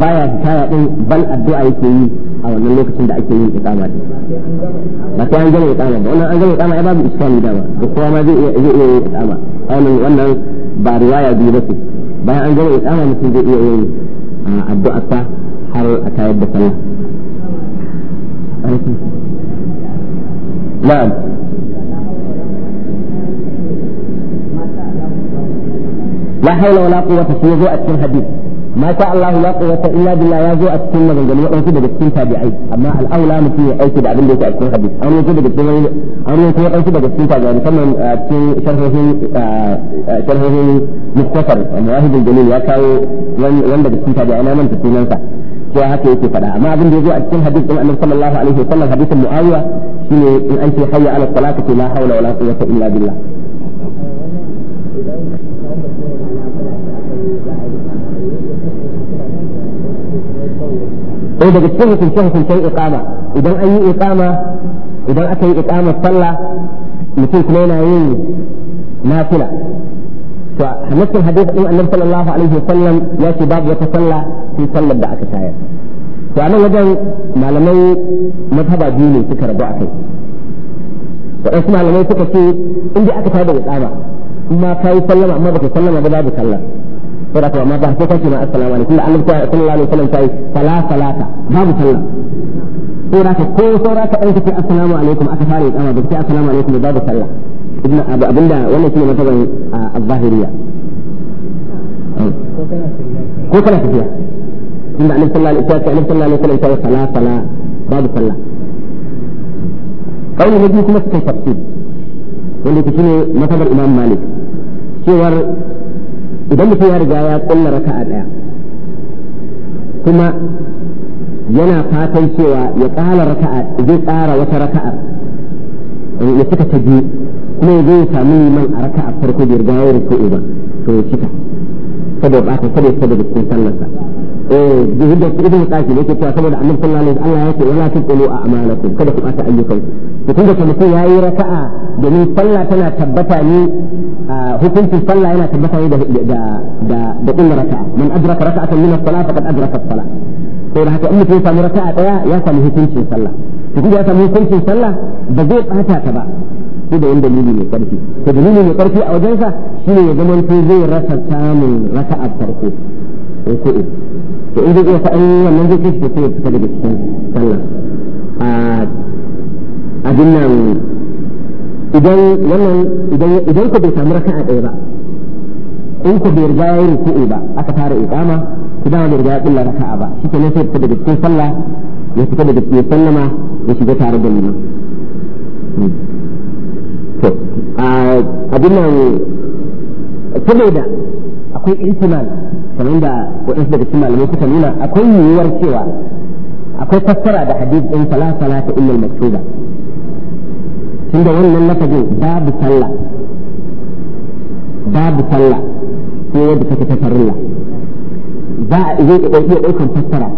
baya hikaya din bal addu'a yake yi a wannan lokacin da ake yin din ba sai an gama iqama ba wannan an gama ai babu iskali da kowa ma zai iya zai iya yin wannan wannan ba riwaya biyu ba ce bayan an gama iqama mutum zai iya yin ah, addu'a ta هل أكايد بسنة لا لا حول ولا قوة في سيزوء السن حديث ما شاء الله لا قوة إلا بالله يا زوء السن من جميع وكذا بالسن تابعين أما الأولى مثل أي تبع من الله السن حديث أو يكذا بالسن أو يكذا أي كذا بالسن تابعين كما آه، في شرحه آه، آه، شرحه مختصر المواهب الجليل يا كاو وين وين بالسن تابعين من تسليمنا cewa haka yake faɗa amma abin da ya zo a cikin hadisin annabi sallallahu alaihi wa sallam hadisin muawiya shine in an ce hayya ala salati la hawla wala quwwata illa billah ko daga cikin hukunce hukuncen iqama idan an yi iqama idan aka yi iqama sallah mutum kuma yana yin nafila to nassin hadith din annabi sallallahu alaihi wasallam ya ce babu wata sallah sai sallar da aka tayar to a nan wajen malamai mazhaba biyu ne suka rabu akai waɗansu malamai suka ce in dai aka tayar da iqama kuma ka yi sallama amma baka sallama ba babu sallah saboda to amma ba sai kace ma assalamu alaikum da annabi sallallahu alaihi wasallam sai sala salata babu sallah saboda ko saura ka ɗauka sai assalamu alaikum aka fara iqama ba sai assalamu alaikum babu sallah abinda wannan shine mataban az-zahiriyya ko kana tafiya tunda annabi sallallahu alaihi wasallam annabi sallallahu alaihi wasallam ya sala sala babu sallah kawai na kuma suka yi tafsir wanda ke shine matabar imam malik cewar idan mutum ya riga ya kulla raka'a daya kuma yana fatan cewa ya ƙara raka'a zai ƙara wata raka'a ya cika ta biyu ne zai sami man a raka a farko bai riga ya rufe ba to ya cika saboda ba kada ya saboda cikin sallarsa eh da yadda su ibn qasim ke cewa saboda annabi sallallahu alaihi wasallam Allah ce wala tuqulu amalaku kada ku bata ku to tunda kuma sai yayi raka'a domin sallah tana tabbata ne hukuncin sallah yana tabbata ne da da da kullu raka'a man adraka raka'atan min as-salah faqad adraka as-salah to da haka in sai ya raka'a daya ya samu hukuncin sallah to kuma ya samu hukuncin sallah ba zai bata ta ba shi da wani dalili mai karfi to dalili mai ƙarfi a wajensa ne ya zama to zai rasa samun rasa a farko ko ko to in zai iya faɗin wannan zai kishi sai ya fita daga cikin sallah a abin nan idan wannan idan idan ku bai samu a ɗaya ba in ku bai riga yayin ruku'u ba aka fara iqama ku dawo da riga ya rasa a ba shi ne sai fita daga cikin sallah ya fita daga cikin sallama ya shiga tare da liman hmm. to abin nan saboda akwai ihtimal kamar da waɗansu daga cikin malamai suka nuna akwai yiwuwar cewa akwai fassara da hadith ɗin fala salata illa maktuba tunda wannan lafazin babu sallah babu sallah ko yadda take ta farilla za a iya iya ɗaukan fassara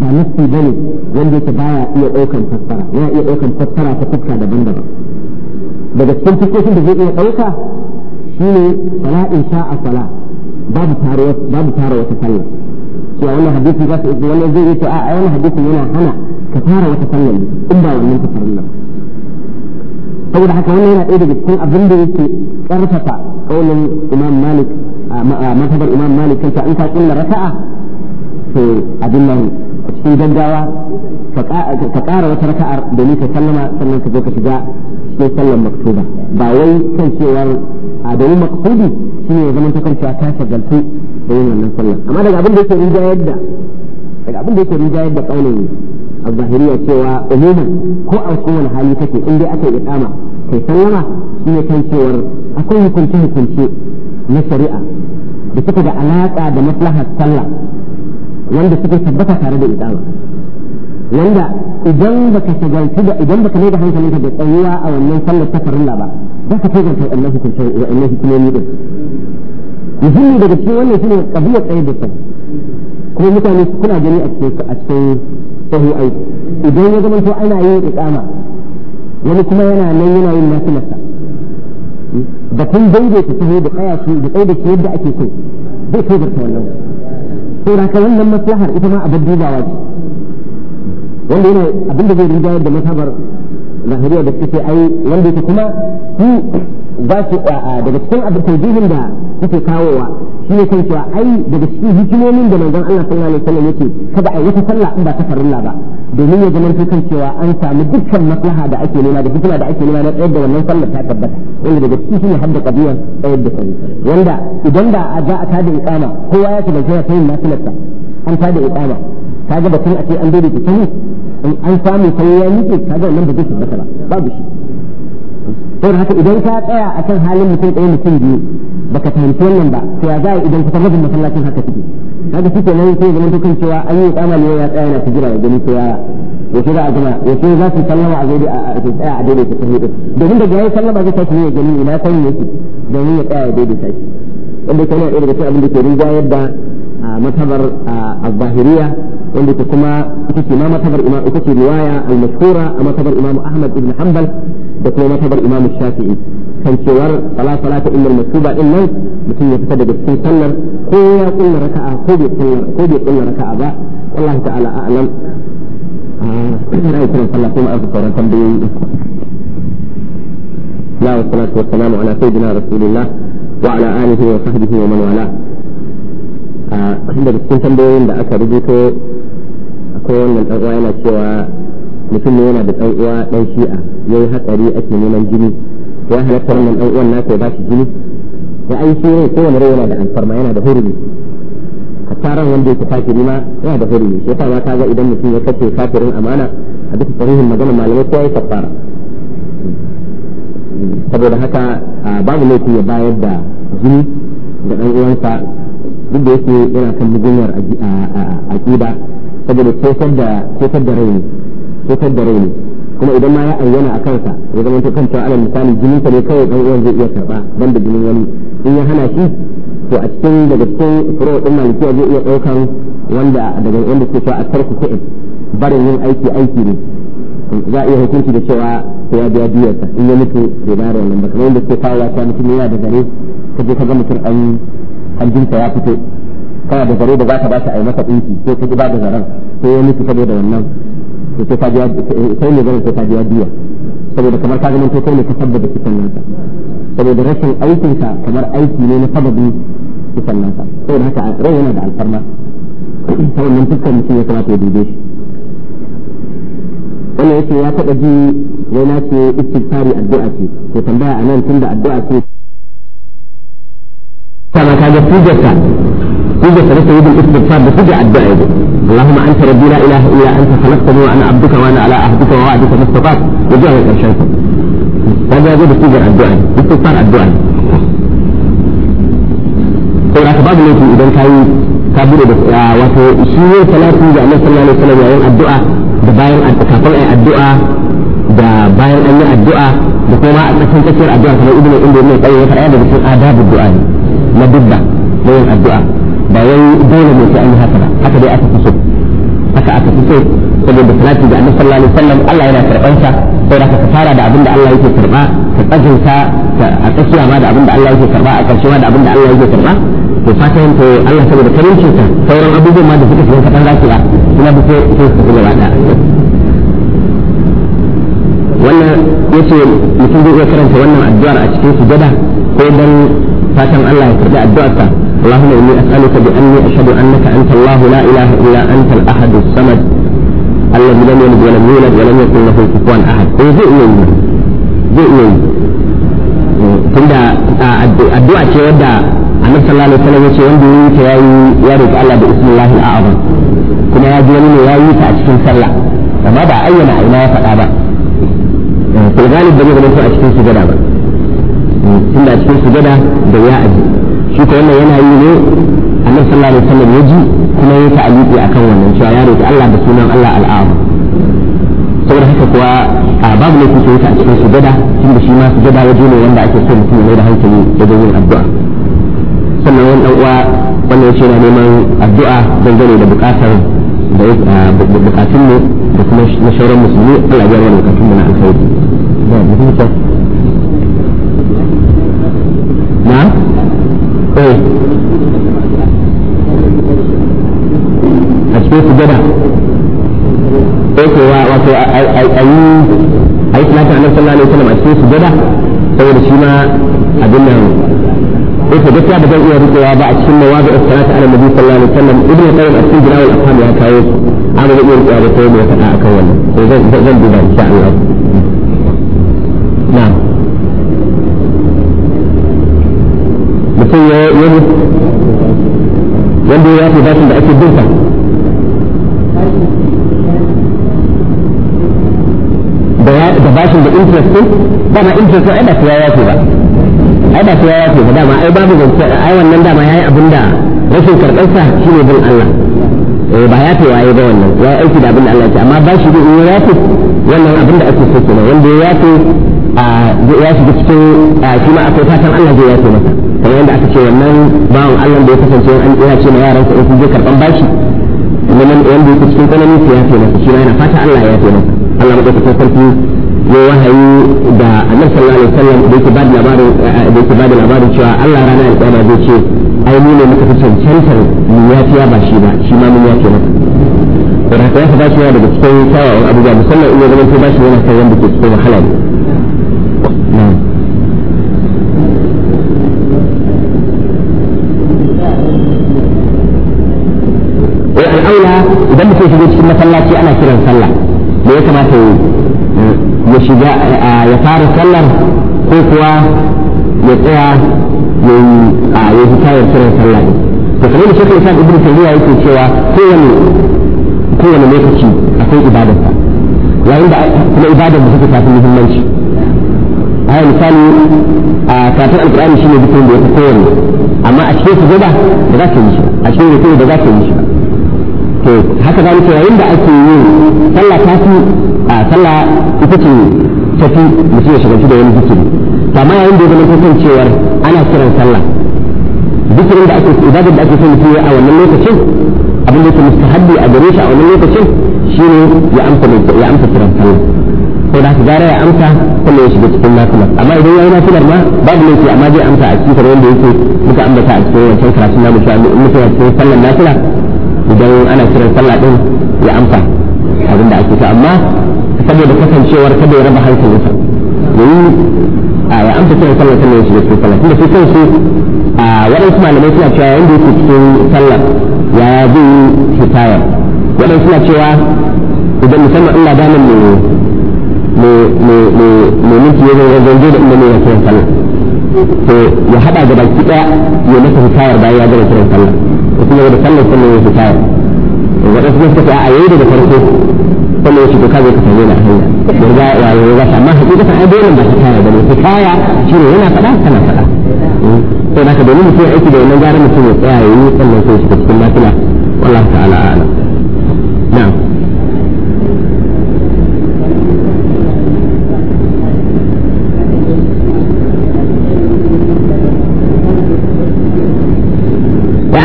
ba nasti bane wanda yake baya iya ɗaukan fassara yana iya ɗaukan fassara ta fuska daban-daban daga cikin cikin da zai iya ɗauka shine fala in sha a fala babu tara wata sallah cewa wannan hadisi za su wannan zai yi a wannan hadisi yana hana ka tara wata sallah ne in ba wannan ta farilla saboda haka wannan yana ɗaya daga cikin abin da yake ƙarfafa kaunin imam malik matabar imam malik kanta in ka ƙulla raka'a to abin nan cikin gaggawa ka ƙara wata raka'ar domin ka sallama sannan ka zo ka shiga cikin sallar maktuba ba wai kan cewar adamu maksudi shine ya zama kan cewa ta shagaltu da yin wannan sallar amma daga abin da yake rija da daga abin da yake rijayar da kaulin al-zahiriya cewa umuman ko a kowane hali kake in dai aka yi iqama kai sallama shine kan cewar akwai hukunce hukunce na shari'a da suka da alaka da maslahar sallah wanda suka tabbata tare da iqama wanda idan baka shagaltu da idan baka mai da hankalinka da tsayuwa a wannan sallar ta farilla ba za ka tozar ta wannan hukuncin wannan hukumomi din muhimmi daga cikin wannan shine kabiyar tsaye da sai kuma mutane kuna gani a cikin a cikin sahu ai idan ya zama to ana yin iqama wani kuma yana nan yana yin nasilarsa da kun ta sahu da tsaya shi da tsaye da shi yadda ake so zai tozar ta wannan saboda haka wannan maslahar ita ma a dubawa ce wanda yana abin da zai rinjayar da masabar zahiriya da suke ai wanda yake kuma su ba su daga cikin abin taujihin da suke kawowa shi ne kan cewa ai daga cikin hikimomin da manzon Allah sallallahu alaihi wasallam yake kada ai wata sallah in ba ta farilla ba domin ya zama kan cewa an samu dukkan maslaha da ake nema da hikima da ake nema na tsayar da wannan sallar ta tabbata wanda daga cikin shi ne hadda qadiyar tsayar da sallah wanda idan da za a tada iqama kowa ya shiga jira ta yin nafilarsa an tada iqama Ka ga kun a ce an daidaita ta sahu in an samu sahu ya miƙe kaga nan ba zai tabbata ba babu shi saboda haka idan ka tsaya akan halin mutum ɗaya mutum biyu baka fahimci wannan ba to ya za a idan kusan rabin masallacin haka suke ga shi kenan sai zaman to kan cewa an yi kama ne ya tsaya yana tijira ya gani ko yaya yaushe za a gama yaushe za su sallama a daidai tsaya a daidaita ta sahu domin daga yayin sallama zai tashi ne ya gani ina kan su domin ya tsaya ya daidai tashi wanda kana ɗaya daga cikin abin da ke rinjayar da matabar a zahiriya وندككما كتب إمام تبر إمام كتب رواية المشهورة أما تبر إمام أحمد بن حنبل وكما تبر إمام الشافعي كان شوار صلاة صلاة إن المكتوبة إلا مثل يتسبب في سنر قوية كل ركعة قوية كل ركعة قوية كل ركعة والله تعالى أعلم لا آه، يكرم صلى الله عليه وسلم لا والصلاة والسلام على سيدنا رسول الله وعلى آله وصحبه ومن والاه. آه، عند السنتين بين أكا رجيتو ko wannan dan uwa yana cewa mutum ne yana da dan uwa dan shi'a yi hatsari ake neman jini ya halatta wannan dan uwan nasa ya shi jini ya ai shi ne kowane rai yana da alfarma yana da hurumi taron wanda yake kafiri ma yana da hurumi shi yasa ma ga idan mutum ya kace kafirin amana a duka sahihin magana malamai ko ya kafara saboda haka babu laifi ya bayar da jini ga dan uwansa duk da yake yana kan mugunyar aqida saboda tofar da tofar da rauni tofar da rauni kuma idan ma ya ayyana a kansa ya zama to kan cewa alal misali jinin sa ne kawai dan uwan zai iya karba da jinin wani in ya hana shi to a cikin daga cikin furo din malikiya zai iya daukan wanda daga wanda ke cewa a tarku ku'in barin yin aiki aiki ne za a iya hukunci da cewa sai ya biya biyarsa in ya mutu bai bayar wannan ba kamar yadda ke kawo ya mutum yana da gare ka je ka ga mutum an hanjinsa ya fito kana da zare da ka ba shi a yi masa dinki sai ka ba da zaren sai ya mutu saboda wannan sai sai ne zaren sai ka biya biya saboda kamar ka ganin kai ne ka sabbada kitan nan saboda rashin aikinka kamar aiki ne na sababin kitan nan saboda haka rai yana da alfarma ta wannan dukkan mutum ya kamata ya dube shi wannan yake ya taɓa ji wai na ce istighfari addu'a ce to tambaya a nan tun da addu'a ce kana ka ga إذا سنستجد الاستغفار بفجع الدعاء اللهم أنت ربي لا إله إلا أنت خلقتني وأنا عبدك وأنا على عهدك ووعدك ما استطعت وجعل الإرشاد هذا هو بفجع الدعاء استغفار الدعاء babu laifi idan ka yi ka bude da wato shi ne salatu da annabi sallallahu alaihi wasallam yayin addu'a da bayan kafin ayi addu'a da bayan an yi addu'a da kuma a cikin tsakiyar addu'a kamar ibnu inda ne kai ya fara daga cikin adabud du'a na dubba na yin addu'a ba wai dole ne sai an yi haka ba haka dai aka fi so haka aka fi so saboda salati da annabi sallallahu alaihi wasallam Allah yana karban sa sai da ka fara da abin da Allah yake karba ka ka a tsakiya ma da abin da Allah yake karba a ƙarshe ma da abin da Allah yake karba to fatan to Allah saboda karincin sa sauran abubuwan ma da suka shiga kadan zaki ba kuma da sai sai su gaba da wannan yace mutum zai karanta wannan addu'ar a cikin sujada ko dan fatan Allah ya karbi addu'arsa اللهم إني أسألك بأني أشهد أنك أنت الله لا إله إلا أنت الأحد الصمد الذي لم يلد ولم يولد ولم يكن له كفوا أحد زئ يوم زئ يوم tunda addu'a ce wadda annabi sallallahu alaihi wasallam yace wanda yayi ta yayi ya roki Allah da ismillahi al'azam kuma ya ji wani ne yayi ta a cikin sallah amma ba ayyana a ina ya faɗa ba da zai a cikin ba a cikin da ya aji shi wannan yana yi ne annabi sallallahu alaihi wasallam ya ji kuma ya ta'aliki akan wannan cewa ya roki Allah da sunan Allah al'amu saboda haka kuwa a babu ne kuke yake a cikin su gada tun da shi ma gada waje ne wanda ake son mutum mai da hankali wajen yin addu'a sannan wani dan uwa wannan yace na neman addu'a dangane da bukatar da bukatun ne da kuma na shauran musulmi Allah ya yarda a cikin sujada yake wa wato ayi ayi salatin annabi sallallahu alaihi wasallam a cikin su sujada saboda shi ma abin nan yake gaskiya da zan iya rikewa ba a cikin mawazi da salatu ala nabi sallallahu alaihi wasallam ibnu qayyim a cikin jirawul afham ya kawo su amma zan iya rikewa da sai mai faɗa akan wannan to zan duba insha Allah na'am mutum ya yi wanda ya fi bashin da ake binsa da bashin da interest ba dama interest ai ba su ya yafe ba ai ba su ya yafe ba dama ai babu zance ai wannan dama ya yi abin da rashin karɓarsa shi ne bin Allah eh, ba ya fi waye ba wannan ya yi aiki da abin da Allah ce amma bashi da ya fi wannan abin da ake so kenan wanda ya fi ya shiga cikin shi ma akwai fatan Allah zai yafe masa kamar yadda aka ce wannan bawan Allah da ya kasance an yana ce ma yaransa in sun je karban bashi wannan wanda yake cikin tsananin su ya taimaka shi yana fata Allah ya taimaka Allah madaukakin sarki ya wahayi da annabi sallallahu alaihi wasallam da yake bada labarin eh, da yake bada labarin cewa Allah ranar alƙiyama zai ce ai mu ne muka fi cancantar mu yafiya ba shi ba shi ma mun yafe na. da haka ya ba shi yana daga cikin kyawawan abubuwa musamman in ya zama ko ba shi yana kai wanda ke cikin wahala ne idan mutum shigo cikin masallaci ana kiran sallah me ya kamata ya shiga ya fara sallar ko kuwa ya tsaya ya yi a ya fita ya kiran sallah to kamar da shekaru sa'ad ibn tayyiya yake cewa kowane kowane lokaci akwai ibadarsa yayin da kuma ibadar da suka tafi muhimmanci a misali a kafin alkur'ani ne dukkan da ya fi kowanne amma a cikin su gaba da za ka yi shi a cikin rukun da za ka yi shi to haka za mu ce yayin da ake yin sallah ta fi a sallah ita ce ta fi mutum ya shagaltu da wani zikiri to amma yayin da ya zama kusan cewar ana kiran sallah zikirin da ake ibadar da ake son mutum ya a wannan lokacin abin da yake mustahabbi a gare shi a wannan lokacin shine ya amsa ya amsa kiran sallah ko da gara ya amsa kuma ya shiga cikin nafilar amma idan yayi nafilar ma babu laifi amma zai amsa a cikin wanda yake muka ambata a cikin wancan karatu na mutum mutum ya cikin sallar nafila idan ana kiran sallah din ya amsa abin da ake ta amma saboda kasancewar kada ya raba hankalinsa yayi a ya amsa kiran sallah sannan ya shiga cikin sallah tunda su kansu a waɗansu malamai suna cewa yayin da yake cikin sallah ya zai yi hitaya waɗansu suna cewa idan musamman Allah daman ne mai miki ya zai zange da inda ne ya kiran sallah to ya haɗa gaba kiɗa ɗaya ya masa hitayar bayan ya gama kiran sallah kuma da sallar sallar ya fita suka a yayi daga farko sallar ya shiga kaje ka ya amma dole ba kaya bane ta yana kana domin mutum aiki da wannan gara mutum ya tsaya yayi sallar sai shiga cikin lafiya والله ta'ala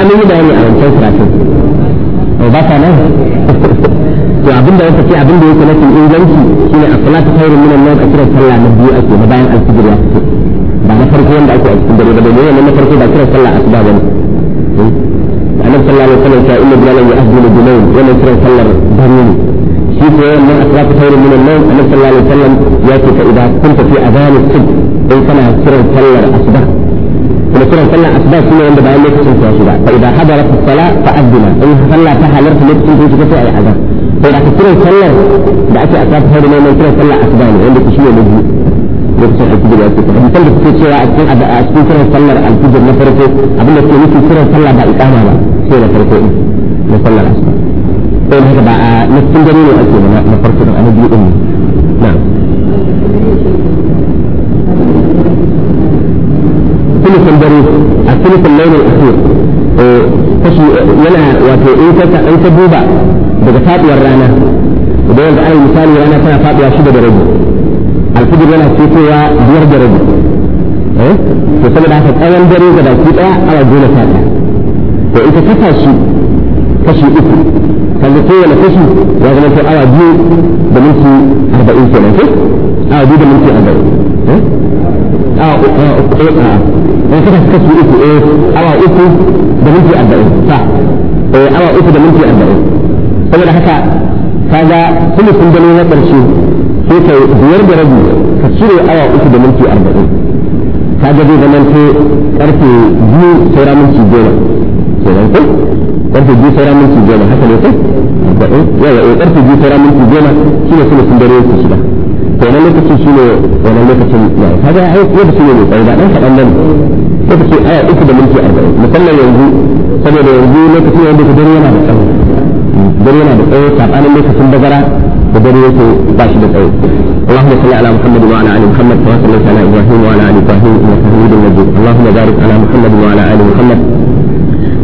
mun yi bayani a wancan karatu ba ta nan to abin da wata ce abin da yake inganci shine a salatu khairun minan nawm a kira sallah na biyu ake na bayan alfijir ya fito ba na farko wanda ake a cikin dare ba domin yana na farko ba kira sallah asuba bane hmm? annabi sallallahu alaihi wasallam ya inna bilalan ya ahdu li dunayn yana kira sallar dare ne shi ko wannan asratu khairun minan nawm annabi sallallahu alaihi wasallam ya ce fa idan kunta fi adhan as-subh in kana kira sallar asuba kuma kiran sallan asuba shine wanda bayan lokacin ta shiga fa idan hadara sala fa addina in sallah ta halarta lokacin ta shiga sai ai azan sai da kiran sallar da ake asafa har mai kiran sallan asuba ne wanda ke shine nabi lokacin alfijir ya ce ta hadisan da suke cewa a cikin kiran sallar alfijir na farko abin da ke nufin kiran sallah ba ikama ba sai na farko din na sallar asuba sai haka ba a na cikin gani ne ake na farko din a na biyu din ne ثلث البريد الثلث الليل الأخير kashi yana wato in ka in ka duba daga faduwar rana idan yanzu alal misali rana tana faduwa shida da rabi alfijir yana fitowa biyar da rabi eh to saboda haka tsawon dare ga baki daya awa goma sha ɗaya to in ka kasa shi kashi uku kaga kowane kashi ya zama awa biyu da minti arba'in awa biyu da minti arba'in Eh? awa uku suka eh, ah. kasu uku eh awa uku da minti arba'in sa eh awa uku da minti arba'in saboda haka kaga kuma sun gano na ƙarshe sai biyar da rabi ka cire awa uku da minti arba'in kaga zai zama ta biyu saura minti goma kenan ko biyu saura minti goma haka ne ko arba'in yawa eh, biyu saura minti goma kuma sun gano ƙarshe وانا لك تشيله وانا لك تشيله هذا عيب يبسي لي طيب انا كان لم يبسي اه اكتب من في اربعين مثلا يوزي سبب يوزي لك تشيله عندك دريا ما بتسوي دريا ما بتسوي طب انا لك تشيله بقرة بدرية باش بتسوي اللهم صل على محمد وعلى ال محمد كما صليت على ابراهيم وعلى ال ابراهيم انك حميد مجيد اللهم بارك على محمد وعلى ال محمد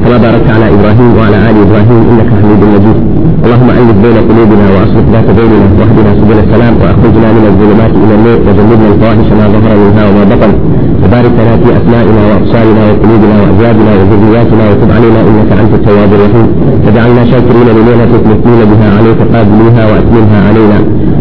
كما باركت على إبراهيم وعلى آل إبراهيم إنك حميد مجيد اللهم ألف بين قلوبنا وأصلح ذات بيننا واهدنا سبل السلام وأخرجنا من الظلمات إلى النور وجنبنا الفواحش ما ظهر منها وما بطن وبارك لنا في أسمائنا وأبصارنا وقلوبنا وأزواجنا وذرياتنا وتب علينا إنك أنت التواب الرحيم وجعلنا شاكرين لنعمتك مثمين بها عليك قابليها وأتممها علينا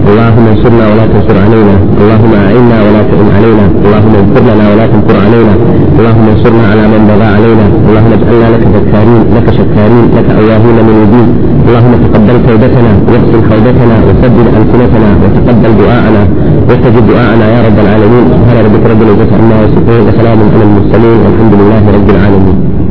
اللهم انصرنا ولا تنصر علينا اللهم أعنا ولا تعن علينا اللهم اذكر لنا ولا تنكر علينا اللهم انصرنا على من بغى علينا اللهم اجعلنا لك ذكارين لك شكارين لك اياهون من منيبين اللهم تقبل توبتنا واغسل خوبتنا وسدد ألسنتنا وتقبل دعاءنا واستجب دعاءنا يا رب العالمين سبحان ربك رب العزة عما يصفون وسلام على المرسلين والحمد لله رب العالمين